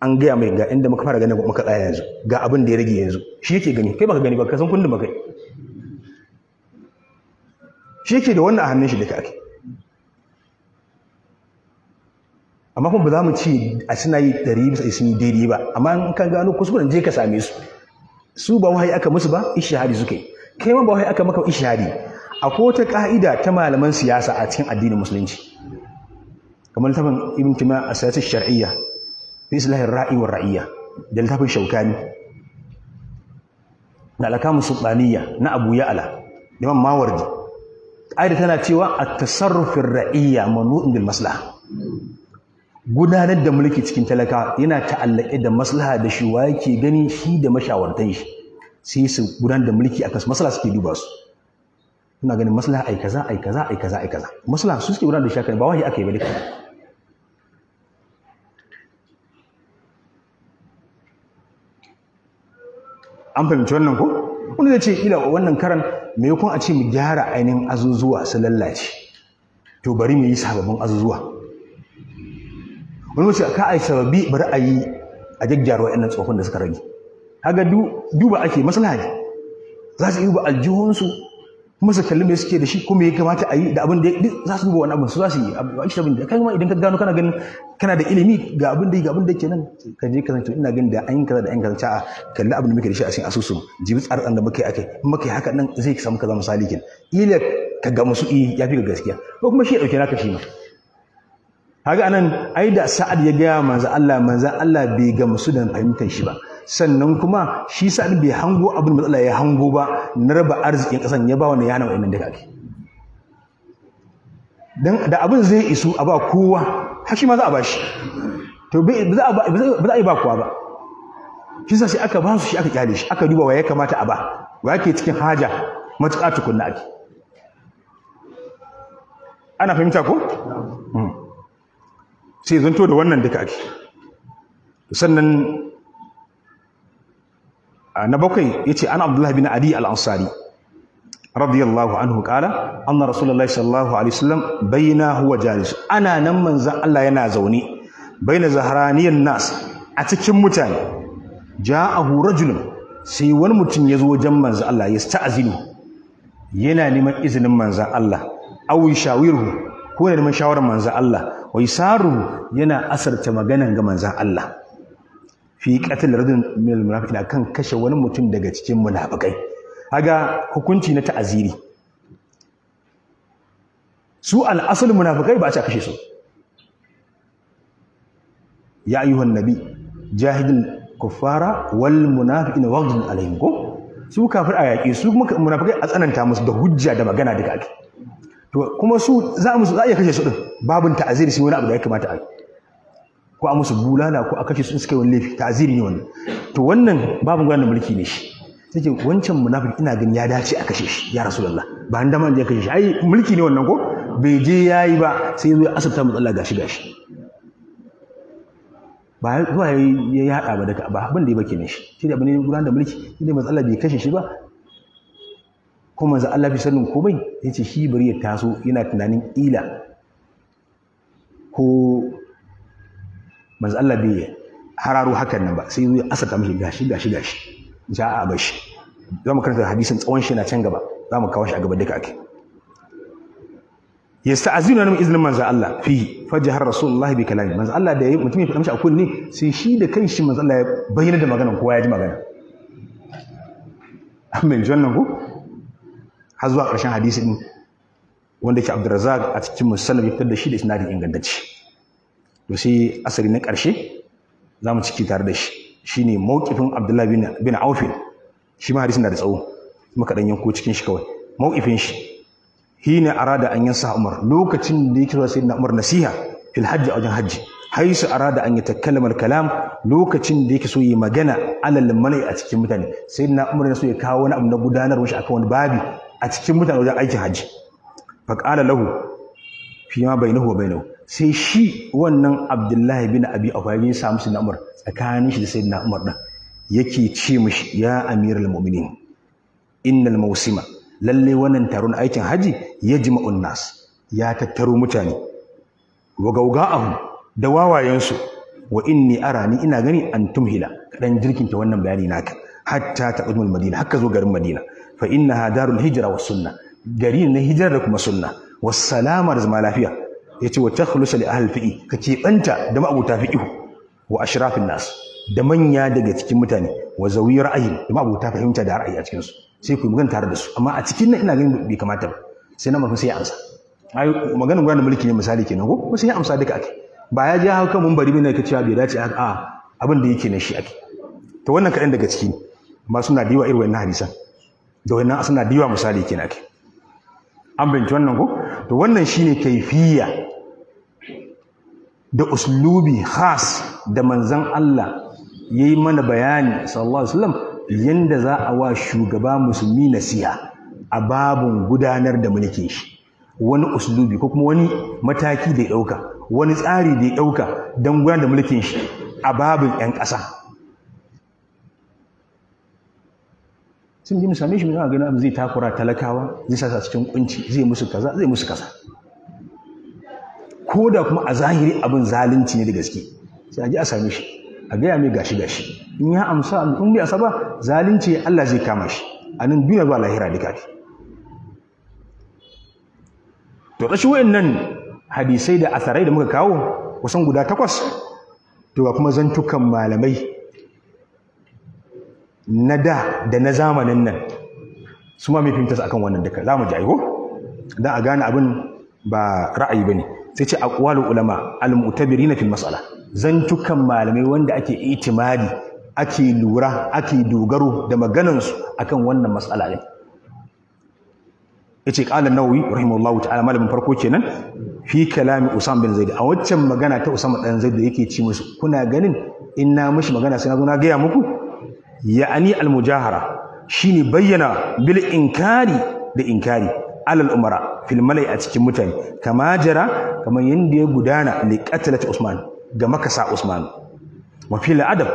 an gaya mai ga inda muka fara ganin muka tsaya yanzu ga abin da ya rage yanzu shi yake gani kai baka gani ba ka san kundin ba kai shi yake da wannan a hannun shi da ake amma kuma ba za mu ci a suna yi ɗari bisa sun daidai ba amma in ka gano kuskuren je ka same su su ba wahayi aka musu ba ishihadi suka kai ma ba wahayi aka maka ishihadi akwai wata ka'ida ta malaman siyasa a cikin addinin musulunci kamar littafin ibn tima a siyasar shar'iyya fi islahin ra'i wa ra'iyya da littafin shaukani da alakamun sultaniya na abu ya'ala da imam mawardi ƙa'ida tana cewa a tasarrufin ra'iyya manu'in bil maslaha gudanar da mulki cikin talaka yana ta'allake da maslaha da shi wa yake gani shi da mashawartan shi sai su gudanar da mulki a kasu maslaha suke duba su suna ganin maslaha ai kaza ai kaza ai kaza ai kaza maslaha su suke gudanar da shi akan ba wahi yi ba duka an fahimci wannan ko wani zai ce ila wannan karan me a ce mu gyara ainihin azuzuwa su lallace to bari mu yi sababbin azuzuwa wani wace ka ai sababi bari a yi a jaggyar wa'annan tsofin da suka rage kaga duba ake maslaha ne za su yi duba aljihunsu kuma su kalli me suke da shi kuma ya kamata a yi da abin da za su duba wani abin su za su yi aisha da kai ma idan ka gano kana ganin kana da ilimi ga abin da ga abin da ke nan ka je ka zanto ina ganin da an yi kaza da an kaza ta'a kalli abin da muke da shi a cikin asusun jibi tsarin da muke ake muke haka nan zai samu kaza misali kin ila ka ga musu eh, ya fi ga gaskiya ko kuma shi ya dauke naka shi ma haka anan ai da sa'ad ya gaya manzo Allah manzo Allah bai gamsu da fahimtar shi ba sannan kuma shi sa'ad bai hango abin matsala ya hango ba na raba arzikin kasan ya ba wani yana hana wa'annan daga dan da abin zai isu a ba kowa har shi ma za a ba shi to bai a ba za a yi ba kowa ba shi sa sai aka ba su shi aka kyale shi aka duba wa ya kamata a ba wa yake cikin haja matuƙa tukunna ake ana fahimta ko sai zanto da wannan duka ake sannan na bakwai yace an abdullahi bin adi AlAnsari. ansari radiyallahu anhu kala anna rasulullahi sallallahu alaihi wasallam huwa jalis ana nan manzan Allah yana zaune baina zaharaniyan nas a cikin mutane ja'ahu rajulun sai wani mutum ya zo wajen manzan Allah ya sta'azinu yana neman izinin manzan Allah aw shawiru ko yana neman shawarar manzan Allah waisaru yana asarta magana ga manzan Allah fi qatl radin min munafiqina kan kashe wani mutum daga cikin munafikai haga hukunci na ta'aziri su al'asul munafikai ba a kashe su ya ayyuhan nabi jahidin kuffara wal munafiqina waghdun alaihim su kafir a yaƙi su munafikai a tsananta musu da hujja da magana duka ake to kuma su za mu za a iya kashe su din babin ta'aziri sai wani abu da ya kamata a yi ko a musu bulala ko a kashe su suka yi wani laifi ta'aziri ne wannan to wannan babin gwanin mulki ne shi sai wancan munafiki ina ganin ya dace a kashe shi ya rasulullah ba an dama ya kashe shi ai mulki ne wannan ko bai je yi ba sai zo ya matsala gashi gashi ba zuwa ya yaɗa ba daga ba abin da ya bake shi shi da abin da gudanar da mulki shi ne matsala bai kashe shi ba kuma za Allah fi sanin komai yace shi bari ya taso yana tunanin ila ko manzo Allah bai hararo hakan nan ba sai ya asaka mishi gashi gashi gashi ja a bashi za mu karanta hadisin tsawon shi na can gaba za mu kawo shi a gaba duka ake yasta'azinu min iznin manzo Allah fi fajahar rasulullahi bi kalami manzo Allah da mutum ya faɗa mishi a kunne sai shi da kanshi manzo Allah ya bayyana da maganar kowa ya ji magana amin jannan ko har zuwa ƙarshen hadisi din wanda ke Abdurrazzaq a cikin Musannaf ya fitar da shi da isnadi ingantacce to sai asali na ƙarshe za mu ciki tare da shi shine mawqifin Abdullah bin bin Auf shi ma hadisin da tsawo muka dan yanko cikin shi kawai mawqifin shi hina arada an yansa Umar lokacin da yake zuwa sayyidina Umar nasiha fil hajji a wajen hajji haisu arada an yatakallama kalam lokacin da yake so yi magana alal malai a cikin mutane sayyidina Umar ya so ya kawo wani abu na gudanarwa shi akan wani babi a cikin mutane wajen aikin hajji fa qala lahu fi ma bainahu wa bainahu sai shi wannan Abdullahi bin Abi Awfa ya samu Sayyidina Umar tsakanin shi da Sayyidina Umar din yake ce mishi ya Amirul Mu'minin innal mawsima lalle wannan taron aikin haji yajma'un nas ya tattaro mutane wa gauga'ahum da wawayensu wa inni arani ina gani an hila kadan jirkinta wannan bayani naka hatta ta udmul madina haka zo garin madina fa innaha darul hijra was sunna gari na hijira da kuma sunna was salama da zama lafiya yace wa takhlusu li ahli fi'i ka banta da ma'abuta fi'i wa ashrafin nas da manya daga cikin mutane wa zawi ra'ayin da ma'abuta fahimta da ra'ayi a cikin su sai ku magana tare da su amma a cikin nan ina ganin bai kamata ba sai na mafi sai ya amsa ai maganar gudanar mulki ne misali kenan ko sai ya amsa duka ake ba ya ji haka mun bari bane ka bai dace a abin da yake na shi ake to wannan kadan daga ciki amma suna da yawa irin wannan hadisan da wannan suna da misali kenan kai an binci wannan ko to wannan shine kaifiya da uslubi khas da manzon Allah yayi mana bayani sallallahu alaihi wasallam yanda za a wa shugaba musulmi nasiha a babun gudanar da mulkin shi wani uslubi ko kuma wani mataki da ya dauka wani tsari da ya dauka don gudanar da mulkin shi a babin 'yan ƙasa sun je mu same shi gani abin zai takura talakawa zai sasa cikin kunci zai musu kaza zai musu kasa. ko da kuma a zahiri abin zalunci ne da gaske sai a ji a same shi a gaya mai gashi gashi in ya amsa in bai amsa ba zalunci Allah zai kama shi a nan duniya ba lahira duka ne to rashin wayannan hadisai da asarai da muka kawo kusan guda takwas to ga kuma zantukan malamai na da da na zamanin nan su ma mai fahimta su akan wannan duka za mu jayi ko a gane abin ba ra'ayi ba ne. sai ce aqwalul ulama al na fil mas'ala zantukan malamai wanda ake itimadi ake lura ake dogaro da maganansu akan wannan mas'ala din yace qala nawawi rahimahullahu ta'ala malamin farko kenan fi kalami usam bin zaid a waccan magana ta usam dan zaid da yake ci musu kuna ganin in na mishi magana sai na zo na gaya muku ya'ani al-mujahara shine bayyana bil inkari da inkari alal umara fil malai a cikin mutane kama jara kamar yanda ya gudana li qatlati usman ga makasa usman wa fil adab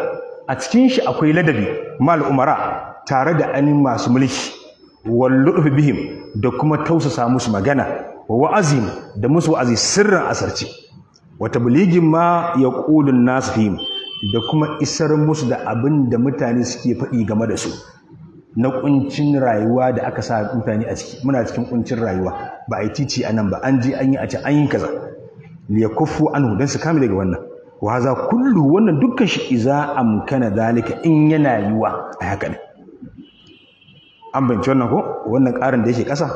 a cikin shi akwai ladabi mal umara tare da anin masu mulki wal lu'f bihim da kuma tausasa musu magana wa wa'azim da musu wa'azi sirran asarci wa tabligin ma yaqulun nas fihim da kuma isar musu da abin da mutane suke faɗi game da su na ƙuncin rayuwa da aka sa mutane a ciki muna cikin ƙuncin rayuwa ba a yi titi a nan ba an je an yi a ci an yi kaza liyakufu an hudun su kame daga wannan wa za kullu wannan dukkan shi iza amkana dalika in yana yiwa a haka ne an binci wannan ko wannan ƙarin da yake ƙasa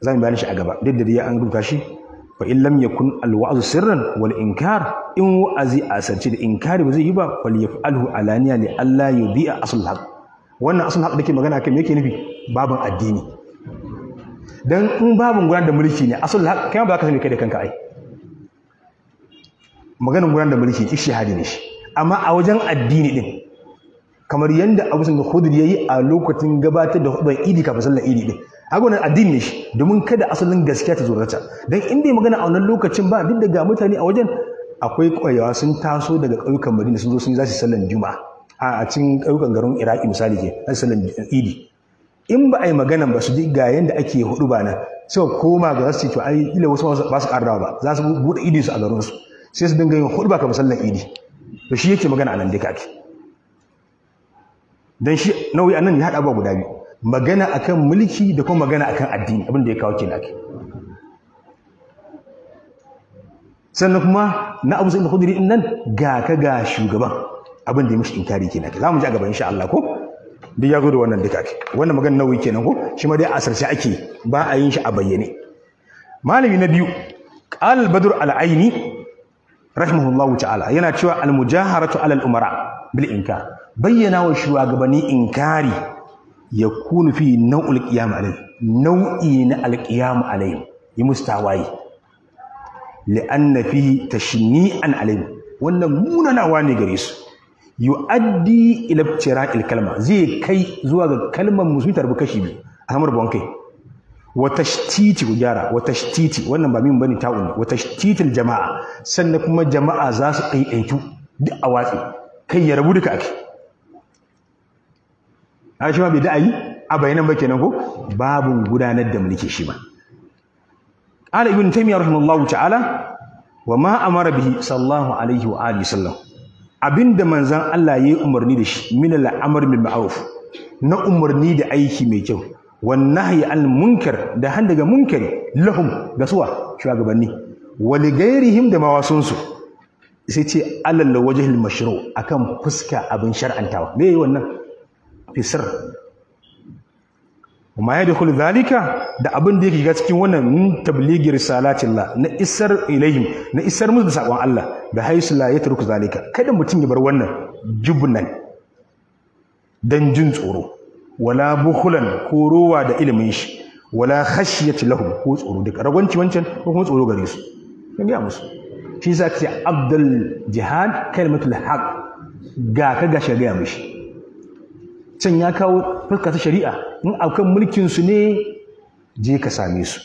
za mu bayani shi a gaba duk da ya an rubuta shi fa in lam yakun alwazu sirran wal inkar in wa'azi asarci da inkari ba zai yi ba fal yaf'alhu alaniya li alla yudhi'a asl haq wannan asl haq dake magana kai me yake nufi babin addini dan in babin gudanar da mulki ne asl haq kai ba ka sani kai da kanka ai maganin gudanar da mulki ishihadi ne shi amma a wajen addini din kamar yanda Abu da Khudri yayi a lokacin gabatar da hudubar Idi kafin sallar Idi din agonan addini ne shi domin kada asalin gaskiya ta zurata don in dai magana a wannan lokacin ba duk da ga mutane a wajen akwai ƙwayawa sun taso daga ƙauyukan madina sun zo sun za su sallan juma'a a cikin ƙauyukan garin iraki misali ke za su sallan idi in ba a yi magana ba su ji ga yanda ake hudu ba nan suka koma ga za su ce ai ila wasu ba su ƙarrawa ba za su buɗe idin su a garin su sai su dinga yin hudu ba kamar sallan idi to shi yake magana a nan ka ake dan shi nauyi a nan ya haɗa ba guda biyu magana akan mulki da kuma magana akan addini abin da ya kawo kenan ake sannan kuma na Abu sai da kudiri din nan ga ka ga shugaban abin da ya mishi inkari kenan za mu ji a gaban insha Allah ko duk ya gudu wannan duka ake wannan magana nawi kenan ko shi ma dai a sarce ake ba a yin shi a bayyane malami na biyu qal badr al-aini rahimahullahu ta'ala yana cewa al-mujaharatu ala al-umara bil inkar bayyana wa shugabanni inkari ya kunu fi nau'ul qiyam alayhi nau'i na alqiyam alayhi yi mustawayi li'anna fihi tashni'an alayhi wannan munanawa ne gare su yu'addi ila ibtira'il kalma zai kai zuwa ga kalmar musulmi tarbi kashi biyu a hamar bon kai wa tashtiti ku gyara wa tashtiti wannan ba min bane ta'un wa tashtitil jama'a sannan kuma jama'a za su kai duk a watsi kai ya rabu duka ake a shi ma bai da'ayi a bayanan ba kenan ko babu gudanar da mulki shi ma ala ibn taymiyyah rahimahullahu ta'ala wa ma amara bihi sallallahu alaihi wa alihi sallam abinda manzon Allah yayi umarni da shi min al-amr bil ma'ruf na umarni da aiki mai kyau wan nahyi al munkar da han daga munkari lahum ga suwa shugabanni wa li ghairihim da mawasunsu sai ce alal wajhil mashru akan fuska abin shar'antawa me yayi wannan fisir ma ya dukul zalika da abin da yake shiga cikin wannan tabligi risalatillah na isar ilayhim na isar musu da sakon Allah da haisu la yatruku zalika kada mutum ya bar wannan jubnan dan jin tsoro wala bukhulan ko rowa da ilimin shi wala khashyati lahum ko tsoro duka ragwanci wancan ko kuma tsoro gare su kan ga musu shi yasa abdul jihad kalmatul haq ga ka ga mishi can ya kawo fuskata ta shari'a in akan mulkin su ne je ka same su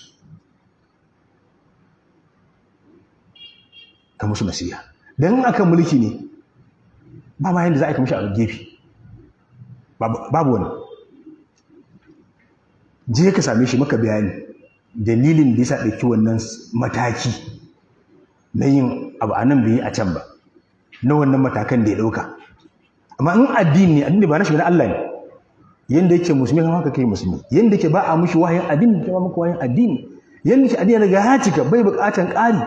ka musu nasiha Da in akan mulki ne ba ma yadda za a yi kamshi a gefe babu wani je ka same shi maka bayani dalilin da ya sa ɗauki wannan mataki na yin abu a nan bai yi a can ba na wannan matakan da ya ɗauka amma in addini addini ba na shi na Allah ne yanda yake musulmi kuma haka kai musulmi yanda yake ba a mushi wahayin addini kuma muku wahayin addini yanda yake addini daga ya cika bai bukatan ƙari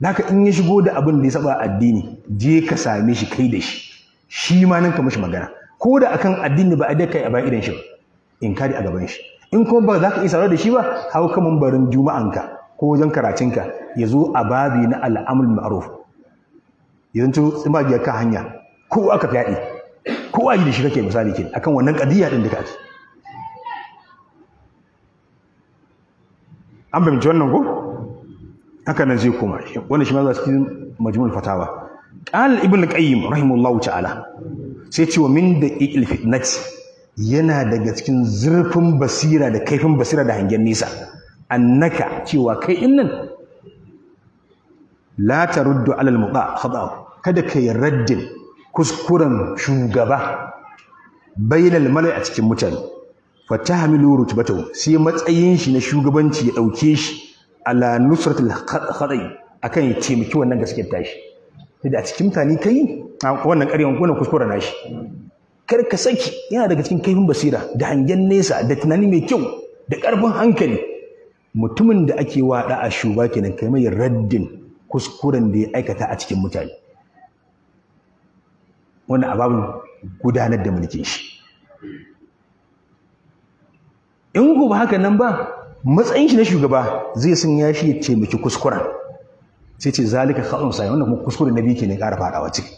naka in ya shigo da abin da ya saba addini je ka same shi kai da shi shi ma nan ka mushi magana ko da akan addini ba a dai kai a bayan idan shi ba in kari a gaban shi in kuma ba za ka iya sauraro da shi ba hau kaman barin juma'anka ko wajen karatunka ya zo a babi na al'amul ma'ruf yanzu tsima ka hanya ko aka fyaɗe ko a da shi kake misali ke akan wannan kadiyya din da ka kake an fahimci wannan ko haka nan zai koma Wani shi ma za su cikin majmul fatawa qal ibn qayyim rahimahullahu ta'ala sai ce wa min da iqil fitnati yana daga cikin zurfin basira da kaifin basira da hangen nisa annaka cewa kai in nan? la taruddu alal muqa khata kada ka yi raddin kuskuren shugaba bainal mala a cikin mutane fa tahmilu rutbatahu sai matsayin shi na shugabanci ya dauke shi ala nusratil khadai akan ya taimaki wannan shi. tashi da a cikin mutane kai wannan ƙaryan wannan kuskuren nashi kar ka saki yana daga cikin kaifin basira da hangen nesa da tunani mai kyau da ƙarfin hankali mutumin da ake wada a shuba kenan kai mai raddin kuskuren da ya aikata a cikin mutane wannan ababin gudanar da mulkin shi in ku ba haka nan ba matsayin shi na shugaba zai sun ya shi ya miki kuskuren sai ce zalika khatun sai wannan kuma kuskure nabi ke ne ƙara fadawa ciki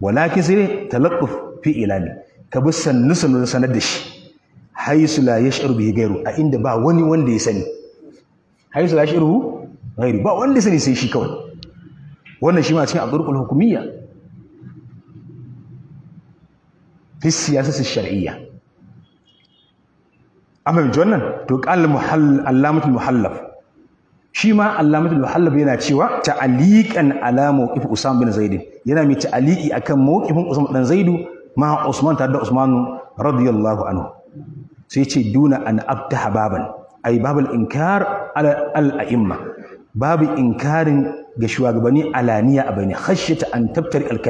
walakin sai talaqquf fi ilami ka bi sannu sannu sanar da shi haisu la yash'uru ya gairu a inda ba wani wanda ya sani haisu la yash'uru gairu ba wanda ya sani sai shi kawai wannan shi ma cikin abdurqul hukumiyya fi siyasasa shar'iyya amma bi wannan to qal muhall shi ma allamatul muhallaf yana cewa ta'aliqan ala mawqif usam bin zaid yana mai ta'aliki akan mawqifin usam dan zaidu ma usman ta da usman radiyallahu anhu sai ce duna an abtaha baban ai babul inkar ala al babu inkarin ga shugabanni alaniya a bayani khashyata an tabtari al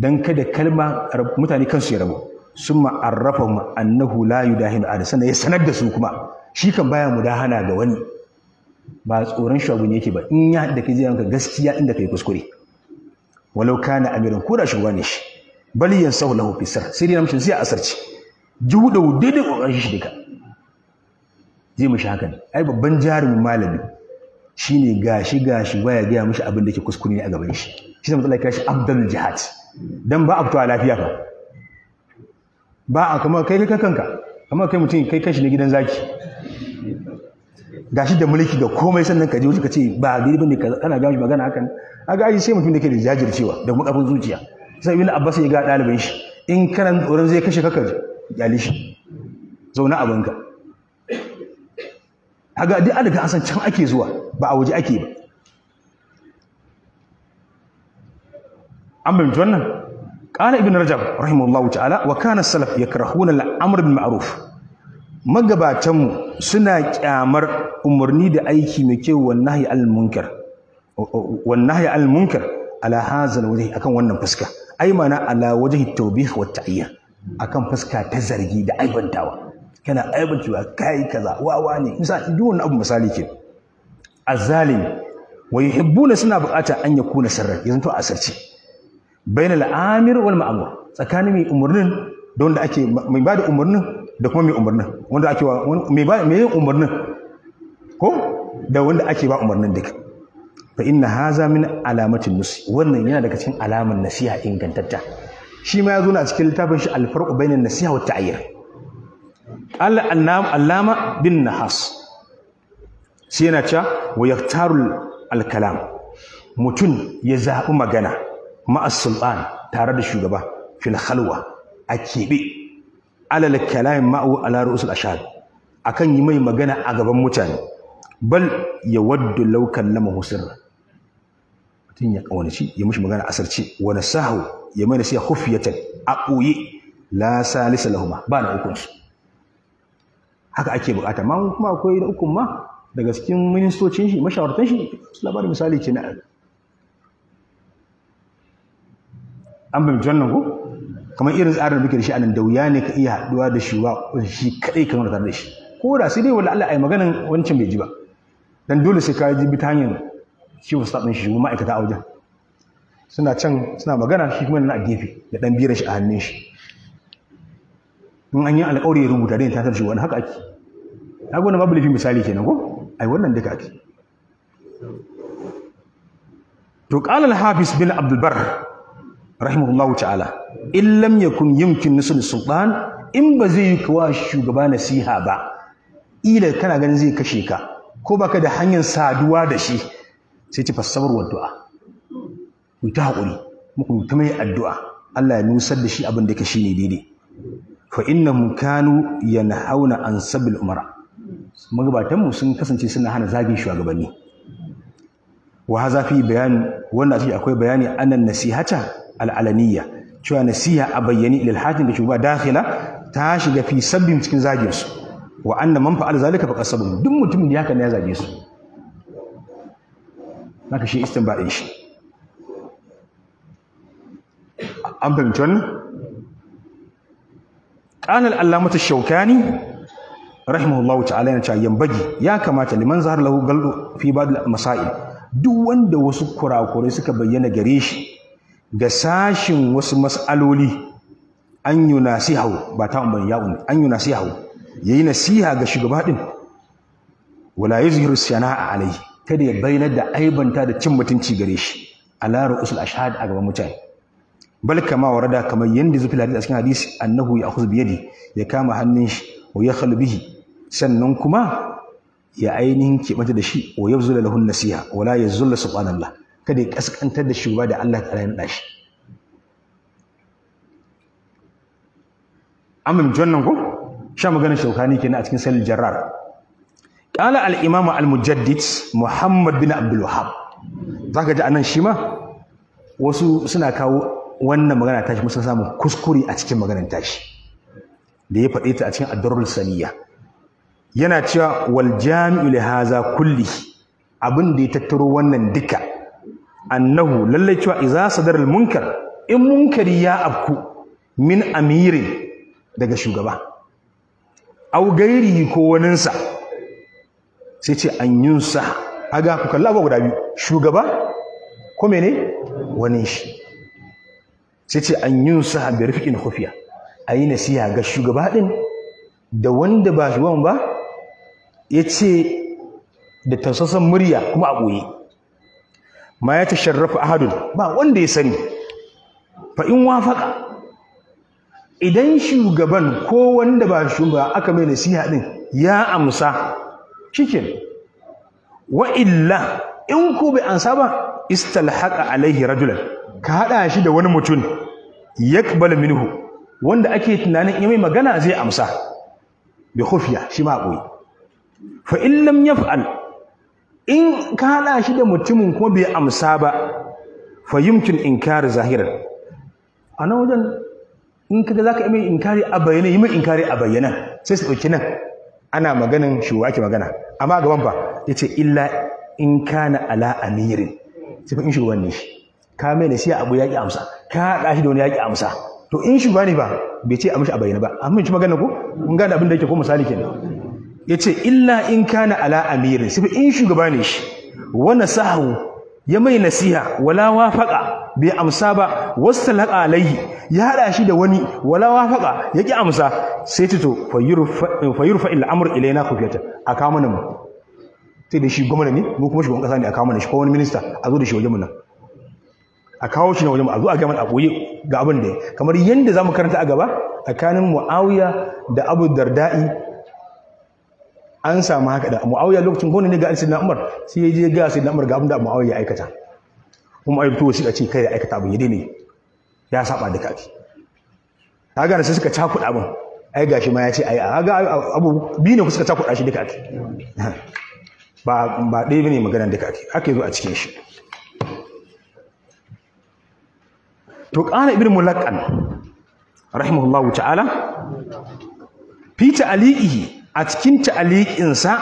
dan kada kalma mutane kansu ya rabu su ma'arrafa annahu la yudahinu ahad sannan ya sanar da su kuma shi kan baya mudahana ga wani ba tsoron shugaban yake ba in ya da kai zai yanka gaskiya inda kai kuskure walau kana amiran ko da shugaba ne shi bal yansahu lahu fi sir sai dai namshin sai a asarci juda daidai kokarin shi duka zai mishi haka ne ai babban jarumin malami shine gashi gashi baya gaya mishi abin da ke kuskure ne a gaban shi shi sai mutum ya shi abdul jihad Don ba a fitowa lafiya fa ba a kamar kai kai kanka kamar kai mutum kai kashi na gidan zaki gashi da mulki da komai sannan ka je wuce ka ce ba daidai bane ka kana ga magana hakan a ai sai mutum da ke da jajircewa da makafin zuciya sai ibn abbas ya ga ɗalibin shi in kana tsoron zai kashe kaka yali shi zauna a banka aga duk an riga an san can ake zuwa ba a waje ake ba an fahimci wannan ibn rajab rahimahullahu ta'ala wa kana salaf yakrahuna al-amr bil ma'ruf magabatan mu suna kyamar umarni da aiki mai kyau wa nahyi al-munkar wa nahyi al-munkar ala hazal akan wannan fuska ai mana ala tawbih wa akan fuska ta zargi da aibantawa kana aibantawa kai kaza ne misali duk abu misali ke wa yuhibbuna suna bukata an yakuna sirran yanzu to bayan al'amir wal ma'amur tsakanin mai umarnin da wanda ake mai ba da umarnin da kuma mai umarnin wanda ake wa mai ba mai yin umarnin ko da wanda ake ba umarnin duka fa inna haza min alamatin nusi wannan yana daga cikin alamar nasiha ingantatta shi ma ya zo na cikin littafin shi alfarqu bainan nasiha wat ta'yir Allah allama bin nahas sai yana cewa wa yaktarul alkalam mutum ya zaɓi magana ma'as sultan tare da shugaba fil halwa, a keɓe alal kalamin ma'u ala ru'usul ashhad akan yi mai magana a gaban mutane bal ya waddu law kallamahu sirran mutum ya kaunaci ya mishi magana asarci wa nasahu ya mai ya can, a ɓoye la salisa lahuma ba na ukun su haka ake bukata ma kuma akwai na ukun ma daga cikin ministocin shi mashawartan shi labarin misali ce na an fahimci wannan ko kamar irin tsarin da muke da shi anan da wuya ne ka iya haɗuwa da shi ba shi kaɗai kamar da shi ko da sai dai wala Allah ai maganan wancan bai ji ba dan dole sai ka ji bi ta hanyar shi wasu ɗin shi kuma ma'aikata a wajen suna can suna magana shi kuma na gefe da ɗan biran shi a hannun shi in an yi alƙawari ya rubuta da yin tatar shi wani haka ake na gona babu laifin misali kenan ko ai wannan duka ake to qala al-hafiz bin abdul barr rahimahullahu ta'ala illam yakun yumkin nusul sultan in ba zai yi kawa shugaba nasiha ba ila kana ganin zai kashe ka ko baka da hanyar saduwa da shi sai ci fasabar wa du'a ku ta hakuri muku ta mai addu'a Allah ya nusar da shi abin da shi ne daidai fa innahum kanu yanhauna an sabil umara magabatan mu sun kasance suna hana zagin shugabanni wa haza fi bayani wannan akwai bayani annan nasihata al'alaniya cewa nasiha a bayyane ilal da shugaba dakhila ta shiga fi sabbin cikin zaginsu. su wa anna man fa'al zalika fa qasabun duk mutumin da haka ne ya zage su haka shi istinbadin shi an fahimci wannan qala al-allamatu ash-shawkani rahimahullahu ta'ala yana cewa yambagi ya kamata liman zahar lahu galdu fi ba'd al-masail duk wanda wasu kurakurai suka bayyana gare shi ga sashin wasu mas'aloli an yi nasihahu ba ta umar ya umar an yi nasihahu ya yi nasiha ga shugaba ɗin wala ya zuhiru sana'a alai kada ya bayyana da aibanta da cin mutunci gare shi A usul usul a gaban mutane bal kama warada kamar yanda zufi ladi a cikin hadisi annahu ya akhuz biyadi ya kama hannun shi wa ya bihi sannan kuma ya ainihin keɓanta da shi wa yabzula lahun nasiha wala yazzulla subhanallah kada ya kaskantar da shugaba da Allah ta ranar shi amin wannan ko sha maganar shaukani kenan a cikin salil jarrar qala al imam al mujaddid muhammad bin abdul za zaka ji anan shi ma wasu suna kawo wannan magana tashi musu samun kuskure a cikin maganar tashi da ya faɗe ta a cikin ad saniya yana cewa wal jami'u li hadha kulli abin da ya tattaro wannan duka annahu lallai cewa iza sadar al munkar in munkari ya afku min amirin daga shugaba au gairi ko waninsa sai ce an yunsa aga ku kalla ba guda biyu shugaba ko mene wani shi sai ce an yunsa bi rafiqin khufiya ayi nasiha ga shugaba din da wanda ba shugaban ba yace da tausasan murya kuma a boye ma ya tasharrafu ahadun ba wanda ya sani fa in wafaka idan shugaban ko wanda ba shugaba aka mai nasiha din ya amsa Cikin. wa illa in ku bai ansa ba istalhaqa alaihi rajulan ka hada shi da wani mutum yakbal minhu wanda ake tunanin in mai magana zai amsa bi khufiya shi ma boye fa in lam yaf'al in ka hada shi da mutumin kuma bai amsa ba fa yumkin inkari zahiran a nan wajen in kaga zaka yi mai inkari a bayyana yi mai inkari a bayyana sai su dauki nan ana maganin shi ake magana amma gaban fa yace illa in kana ala amirin sai fa in shugaban ne shi ka mai sai abu ya ƙi amsa ka hada shi da wani ya ƙi amsa to in shugaba ne ba bai ce a mishi a bayyana ba amma in ci magana ko mun gane abin da yake ko misali kenan Ya ce illa in kana ala amirin sai in shugaba ne shi wa nasahu ya mai nasiha wala wafaqa bai amsa ba wasalaqa alaihi ya hada shi da wani wala wafaqa ya ki amsa sai ta to fayurfa il amr ilaina kufiyata a kawo mana mu sai da shi gwamna ne mu kuma shugaban kasa ne a kawo mana shi ko wani minista a zo da shi wajen mu nan a kawo shi na wajen mu a zo a ga mana a koyi ga abin da kamar yanda zamu karanta a gaba tsakanin Muawiya da Abu Darda'i an samu haka da muawiya lokacin gona ne ga na umar sai je ga na umar ga abin da muawiya ya aikata kuma ayyuka to shi a ce kai ya aikata abin ya ne ya saba da kafi gane sai suka cakuɗa abin ai gashi ma ya ce ai ga abu biyu ne ku suka cakuɗa shi duka <laughs> ba ba ɗaya ne magana duka ake aka zo a cikin shi to qala ibn mulaqqan rahimahullahu ta'ala fi ta'liqihi a cikin ta'aliƙinsa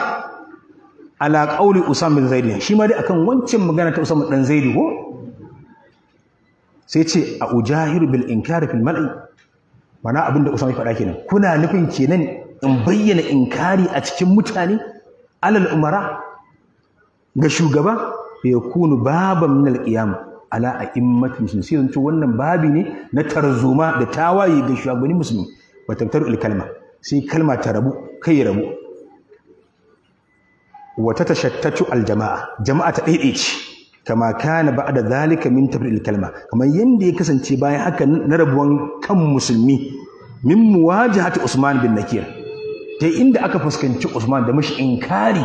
ala qauli usam bin zaid shi ma dai akan wancan magana ta usam dan zaid ko sai ce a ujahiru bil inkari fil mal'i mana abin da usam ya faɗa kenan kuna nufin kenan in bayyana inkari a cikin mutane alal umara ga shugaba ya kunu baban min al ala a'immatin musulmi sai zanci wannan babi ne na tarzoma da tawaye ga shugabanni musulmi wa tabtaru kalma sai kalma ta rabu kai ya rabu wata tashattatu aljama'a jama'a ta ce. kama kana ba'da zalika min tabdil kalma kamar yanda ya kasance bayan haka na rabuwan kan musulmi min muwajahati Usman bin Nakir ta inda aka fuskanci Usman da mashi inkari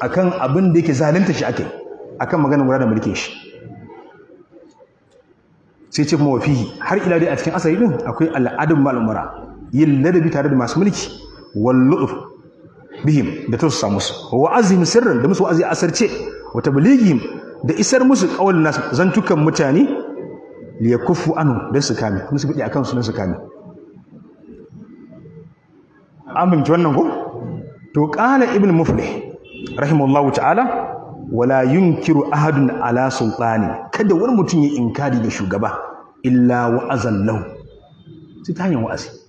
akan abin da yake zalunta shi akai akan maganar da mulkin shi sai ce kuma wafihi har ila dai a cikin asali din akwai al'adun mal'umara yin ladabi tare da masu mulki wal bihim da samu musu wa azim sirran da musu wa'azi asarce wa tablighihim da isar musu qawl nas zantukan mutane li yakufu anhu don su kame musu bidi akan su don su kame an bimci wannan ko to qala ibn muflih rahimahullahu ta'ala wala yunkiru ahadun ala sultani kada wani mutum ya inkari da shugaba illa wa'azan lau, sai ta hanyar wa'azi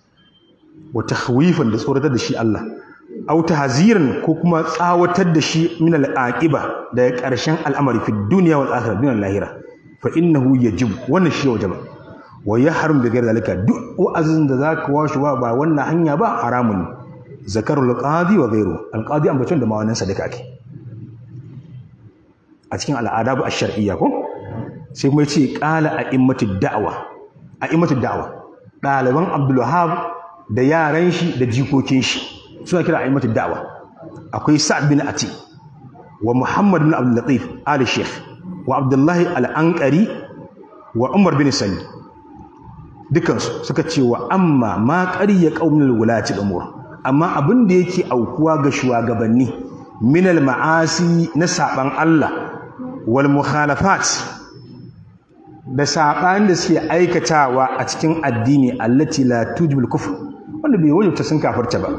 wa tahwifan da tsoratar da shi Allah aw tahziran ko kuma tsawatar da shi min al-aqiba daga ƙarshen al'amari fi dunya wal akhirah dunya lahira fa innahu yajib wannan shi wajaba wa yahrum bi ghairi zalika duk wa'azin da zaka washi ba ba wannan hanya ba haramun ne zakarul qadi wa ghairu al-qadi ambaton da mawanin sadaka ake a cikin al'adab ash-shar'iyya ko sai kuma yace qala a'immatud da'wa a'immatud da'wa ɗaliban Abdul Wahab da yaran shi da jikokin shi suna kira a'immatu da'wa akwai sa'd bin ati wa muhammad bin abdul latif ali sheikh wa abdullahi al-anqari wa umar bin sani dukansu suka ce wa amma ma qariya qaumul wulati umur amma abin da yake aukuwa ga shugabanni minal ma'asi na saban Allah wal mukhalafat da saban da suke aikatawa a cikin addini allati la tujibul kufr wanda bai wajabta sun kafarta ba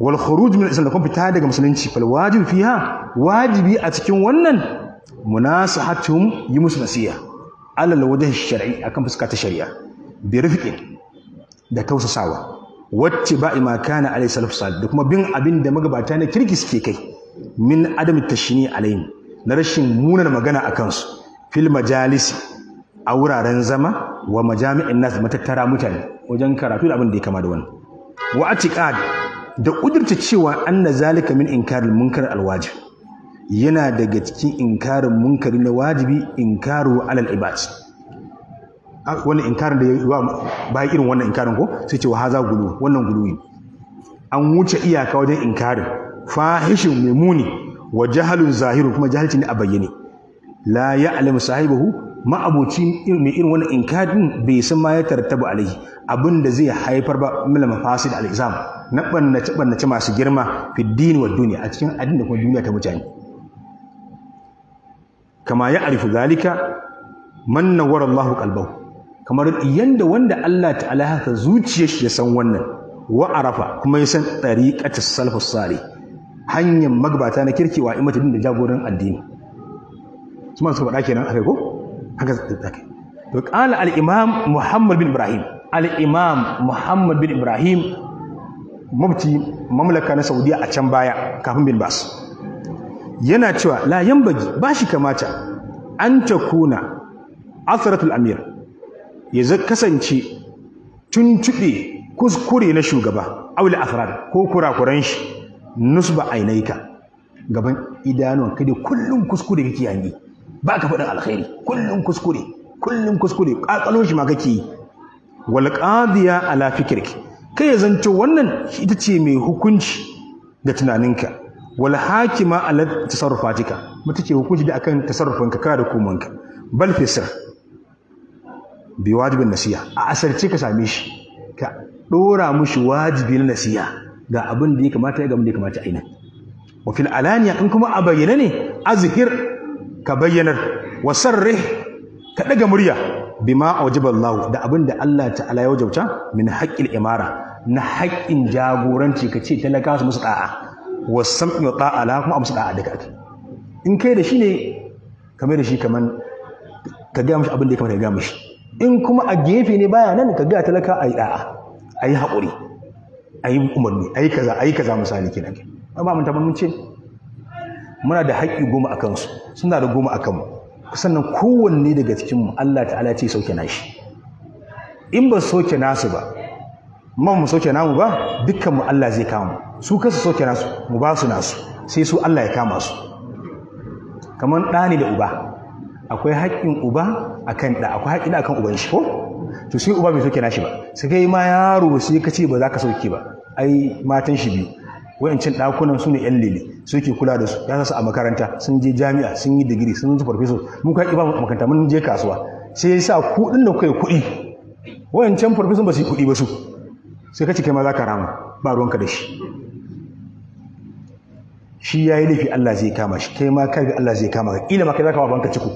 wal khuruj min islam da fita daga musulunci fal wajib fiha wajibi a cikin wannan munasahatum yi musu nasiha alal wajhi shar'i akan fuska ta shari'a bi da tausasawa wacce ba ma kana alai salaf da kuma bin abin da magabata na kirki suke kai min adam tashni alaihim na rashin munar magana a kansu fil majalisi a wuraren zama wa majami'in nas matattara mutane wajen karatu da abin da ya kama da wani wa atiqad da kudurta cewa anna zalika min inkaril munkar alwajib yana daga cikin inkarin munkari na wajibi inkaru alal ibad wannan inkarin da ya ba irin wannan inkarin ko sai ce wa haza gulu wannan guluwi an wuce iyaka wajen inkarin fahishin mai muni wa jahalun zahiru kuma jahilci ne a bayyane la ya'lamu sahibahu ma'abuci mai irin wani inkadin bai san ma ya tartaba alaihi abin da zai haifar ba mil mafasid al izam na bannace bannace masu girma fi dini wa duniya a cikin addini da kuma duniya ta mutane kama ya arifu zalika man nawwara Allahu kamar yadda wanda Allah ta'ala haka zuciyar shi ya san wannan wa arafa kuma ya san tariqatus salafus hanyar magbata na kirkewa wa imatudin da jagoran addini su ma ke faɗa kenan akai ko haka zaka to qala al imam muhammad bin ibrahim al imam muhammad bin ibrahim mubti mamlaka na saudiya a can baya kafin bin bas yana cewa la yambaji ba shi kamata an takuna asratul amir ya kasance tuntube kuskure na shugaba aula athrar ko kurakuran shi nusba ainaika gaban idanuwan kada kullum kuskure kake yangi ba ka faɗin alkhairi kullum kuskure kullum kuskure ƙaƙalo shi ma kake yi wal qadiya ala fikrik kai ya zanto wannan ita ce mai hukunci da tunaninka wal hakima ala tasarrufatika mata ce hukunci da akan tasarrufinka ka da komanka bal fisr bi wajibin nasiya a asarce ka same shi ka dora mushi wajibi na nasiya ga abin da ya kamata ya ga abin da ya kamata nan. wa fil alaniya in kuma a bayyana ne azhir ka bayyanar wa sarrih ka daga murya bima wajiballahu da abin da Allah ta'ala ya wajauta min haqqil imara na haƙƙin jagoranci ka ce talaka su musu da'a wa sam'i wa ta'ala kuma musu da'a daga ake in kai da shi ne ka mai da shi kaman ka ga mishi abin da ya kamata ka ga mishi in kuma a gefe ne baya nan ka ga talaka ayi da'a ayi haƙuri ayi umarni ayi kaza ayi kaza misali kenan amma mun ta mun ce muna da haƙƙi goma a kansu suna da goma a kanmu sannan kowanne daga cikinmu Allah ta'ala ce sauke nashi in ba soke nasu ba ma mu soke namu ba dukkanmu Allah zai kama su kasu soke nasu mu ba su nasu sai su Allah ya kama su kamar ɗa ne da uba akwai haƙƙin uba akan ɗa akwai haƙƙin a akan uban shi ko to sai uba bai sauke nashi ba sai kai ma yaro sai ka ce ba za ka sauke ba ai matan shi biyu wayancin ɗakunan su ne yan lele su ke kula da su ya su a makaranta sun je jami'a sun yi digiri sun zuwa farfeso mun kai ba makaranta mun je kasuwa sai ya sa kuɗin da kuka yi kuɗi Wayancin farfeso ba su yi kuɗi ba su sai ka ci kai ma za ka rama ba ruwanka da shi shi ya yi laifi Allah zai kama shi kai ma kai Allah zai kama ka ƙila ma kai za ka wa banka ciko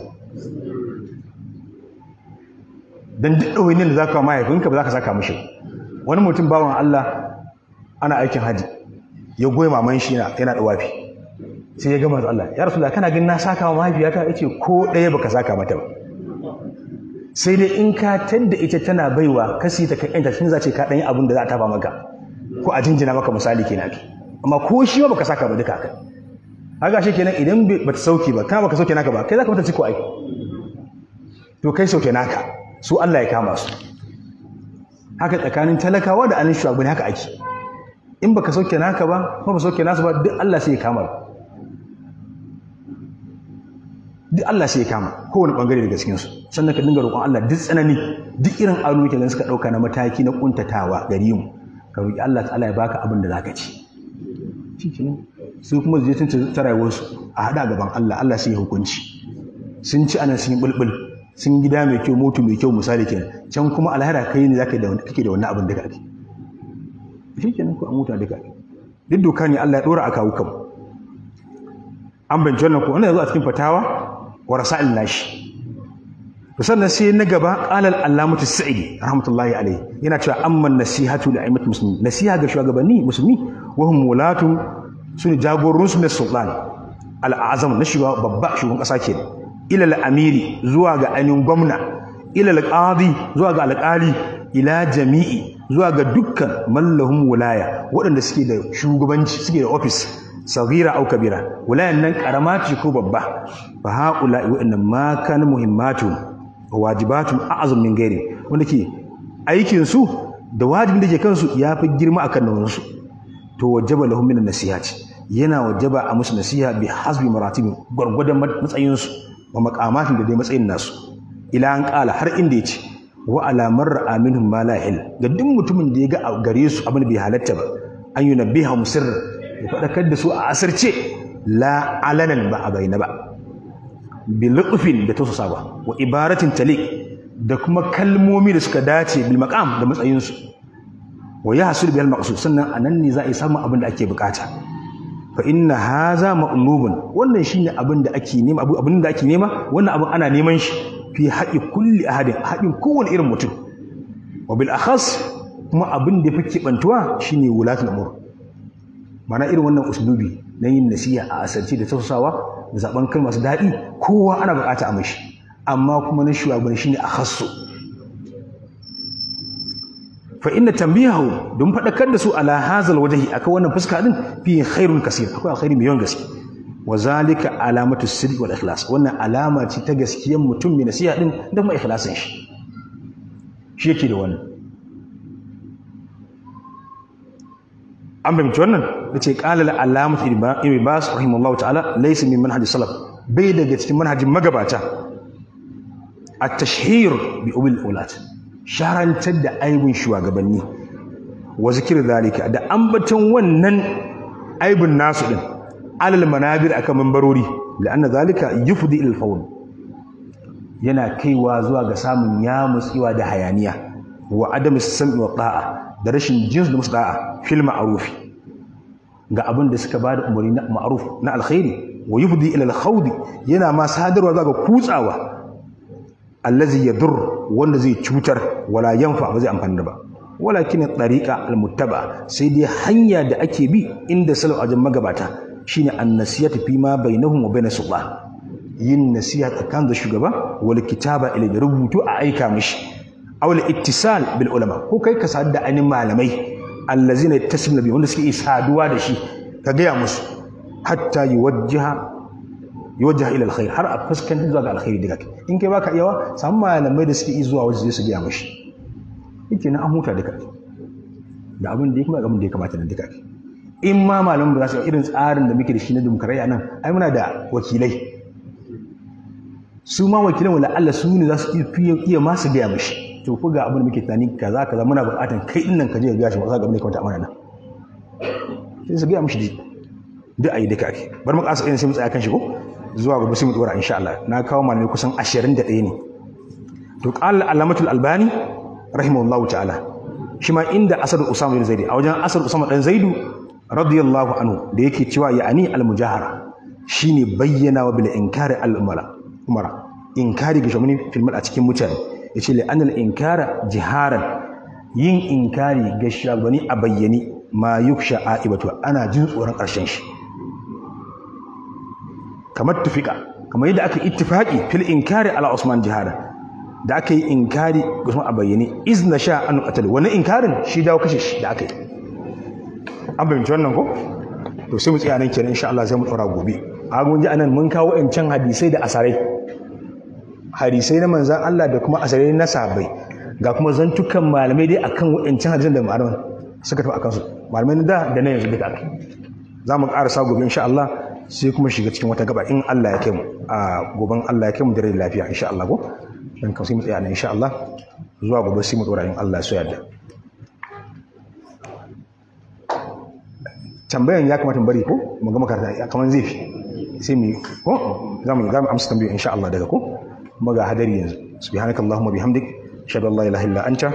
don duk ɗawainin da za ka mahaifinka ba za ka saka mishi wani mutum bawan Allah ana aikin haji ya goyi maman shi na yana da wafi sai ya ga manzo Allah ya rasulullah kana ganin na saka wa mahaifiyata yace ko ɗaya baka saka mata ba sai dai in ka tadda ita tana baiwa kasi ta kai ta shin za ce ka dan yi abin da za a ba maka ko a jinjina maka misali kenan amma ko shi ma baka saka ba duka haka haka shi kenan idan ba ta sauke ba kana baka sauke naka ba kai za ka mata ciko ai to kai sauke naka su Allah ya kama su haka tsakanin talakawa da anin shugabanni haka ake in ka sauke naka ba ba ba sauke nasu ba duk Allah sai ya kama duk Allah sai ya kama kowane bangare daga cikin su sannan ka dinga roƙon Allah duk tsanani duk irin aro ke suka ɗauka na mataki na ƙuntatawa gari mu ka roƙi Allah ta'ala ya baka abin da zaka ci su kuma su je sun ta rayuwarsu a haɗa gaban Allah Allah sai ya hukunci sun ci anan sun yi bulbul sun gida mai kyau motu mai kyau misali kenan can kuma alhara kai ne zaka da kake da wani abin da kake shi kenan ku an huta duka duk doka ne Allah ya dora a kawo kanmu an bance wannan ko wannan yazo a cikin fatawa wa rasail nashi sannan sai na gaba qalal allamatu sa'idi rahmatullahi alayhi yana cewa amman nasihatu li aimat muslimin nasiha ga shugabanni musulmi wa hum wulatu sun jagorun su ne sultan al'azam na shugaba babba shugaban kasa ke ila al-amiri zuwa ga ainihin gwamna ila al-qadi zuwa ga alƙali ila jami'i zuwa ga dukkan mallahun wulaya waɗanda suke da shugabanci suke da ofis sagira au kabira wulayan nan karama ce ko babba fa haula waɗanda ma kan muhimmatu wajibatun a'azum min gairi wanda ke aikin su da wajibin da ke kansu ya fi girma akan nan su to wajaba lahum min ce. yana wajaba a musu nasiha bi hasbi maratibin gwargwadon matsayinsu wa makamatin da dai matsayin nasu ila an kala har inda ya ce wa alamar marra aminhum ma ga duk mutumin da ya ga gare su abin bai halatta ba an yi nabiha musir ya faɗakar da su a asirce la alanan ba a bayyana ba bi luqfin da tausasa ba wa ibaratin talik da kuma kalmomi da suka dace bil maqam da matsayinsu wa yahsul bil maqsud sannan anan ne za a samu abin da ake bukata fa inna haza ma'lubun wannan shine abin da ake nema nema wannan abin ana neman shi fi haƙi kulli ahadin haƙin kowane irin mutum wa bil akhas kuma abin da fi kibantuwa shine wulatul amur. mana irin wannan uslubi na yin nasiha a asarci da tausasawa da zaɓen kai su daɗi kowa ana buƙata a mashi amma kuma na shugaban shine akhassu fa inna tambihahu don faɗakar da su ala hazal wajahi akan wannan fuska din fi khairun kaseer akwai alkhairi mai yawan gaske Wazalika alamatu sidq wal ikhlas wannan alama ce ta gaskiyar mutum mai nasiha din da mai ikhlasin shi shi yake da wannan an fahimci wannan nace qala al alamatu ibn bas rahimahullahu ta'ala laysa min manhaj salaf bai daga cikin manhajin magabata A tashhir bi ubil ulat sharantar da aibun shugabanni wa zikir zalika da ambaton wannan aibun nasu din alal manabir akan mambarori la'anna zalika yufdi il faul yana kaiwa zuwa ga samun yamutsiwa da hayaniya wa adam sam'i wa ta'a da rashin jins da musu da'a fil ma'ruf ga abin da suka bada umarni na ma'ruf na alkhairi wa yufdi ila al yana ma sadarwa zuwa ga kutsawa allazi yadur wanda zai cutar wala yanfa ba zai amfani ba walakin tariqa al-muttaba sai dai hanya da ake bi inda salaf ajin magabata shine annasiyatu fi ma bainahum wa bainas sultan yin nasiha tsakanin da shugaba wal kitaba ila da rubutu a aika mishi aw ittisal bil ulama ko kai ka sadu da ainin malamai allazina yattasil bi wanda suke saduwa da shi ka gaya musu hatta yuwajjaha yuwajjaha ila alkhair har a fuskanci zuwa ga alkhairi daga in kai baka iyawa samu malamai da suke zuwa wajen su gaya mishi yake na an huta duka da abin da ya kuma abin da ya kamata na duka in ma malamin ba za su yi irin tsarin da muke da shi na dimokuraya nan ai muna da wakilai su ma wakilan wala Allah su ne za su iya masu gaya mishi to ku ga abin da muke tunani kaza kaza muna buƙatan kai din nan ka je ka gaya shi ba za ka gane abin da amana nan sai su gaya mishi dai duk ayi duka ake bar mu kasa sai mu tsaya kan shi ko zuwa gobe sai mu tsora insha Allah na kawo malami kusan 21 ne to qala alamatul albani rahimahullahu ta'ala shi ma inda asad usama bin zaidi a wajen asad usama dan zaidu radiyallahu anhu da yake cewa ya'ani al-mujahara shine bayyana wa bil inkari al inkari ga shugabanni filmar a cikin mutane yace li anal inkara jiharan yin inkari ga shugabanni a bayyani ma yuksha aibatu ana jin tsoron karshen shi kamar tufika kamar yadda aka ittifaqi fil inkari ala usman jiharan da aka yi inkari usman a bayyane izna sha an qatal wani inkarin shi dawo kashe shi da aka yi an fahimci wannan ko to sai mu tsaya nan kenan insha Allah sai mu tsora gobe a gunji anan mun kawo yancan hadisai da asarai hadisai na manzan Allah da kuma asarai na sahabbai ga kuma zantukan malamai dai akan wayancan hadisan da malaman suka tafi akan su malamai da da na yanzu duka akai za mu karasa gobe insha Allah sai kuma shiga cikin wata gaba in Allah ya kai mu a goben Allah ya kai mu da rai lafiya insha Allah ko dan kan sai mu tsaya nan insha Allah zuwa gobe sai mu dora in Allah ya so yarda tambayan ya kamata bari ko mu gama karanta kamar zai fi sai mu ko za mu za amsa tambayoyi insha Allah daga ko mu ga hadari yanzu subhanakallahumma bihamdik ashhadu an la ilaha illa anta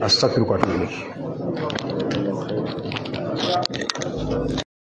astaghfiruka wa atubu ilayk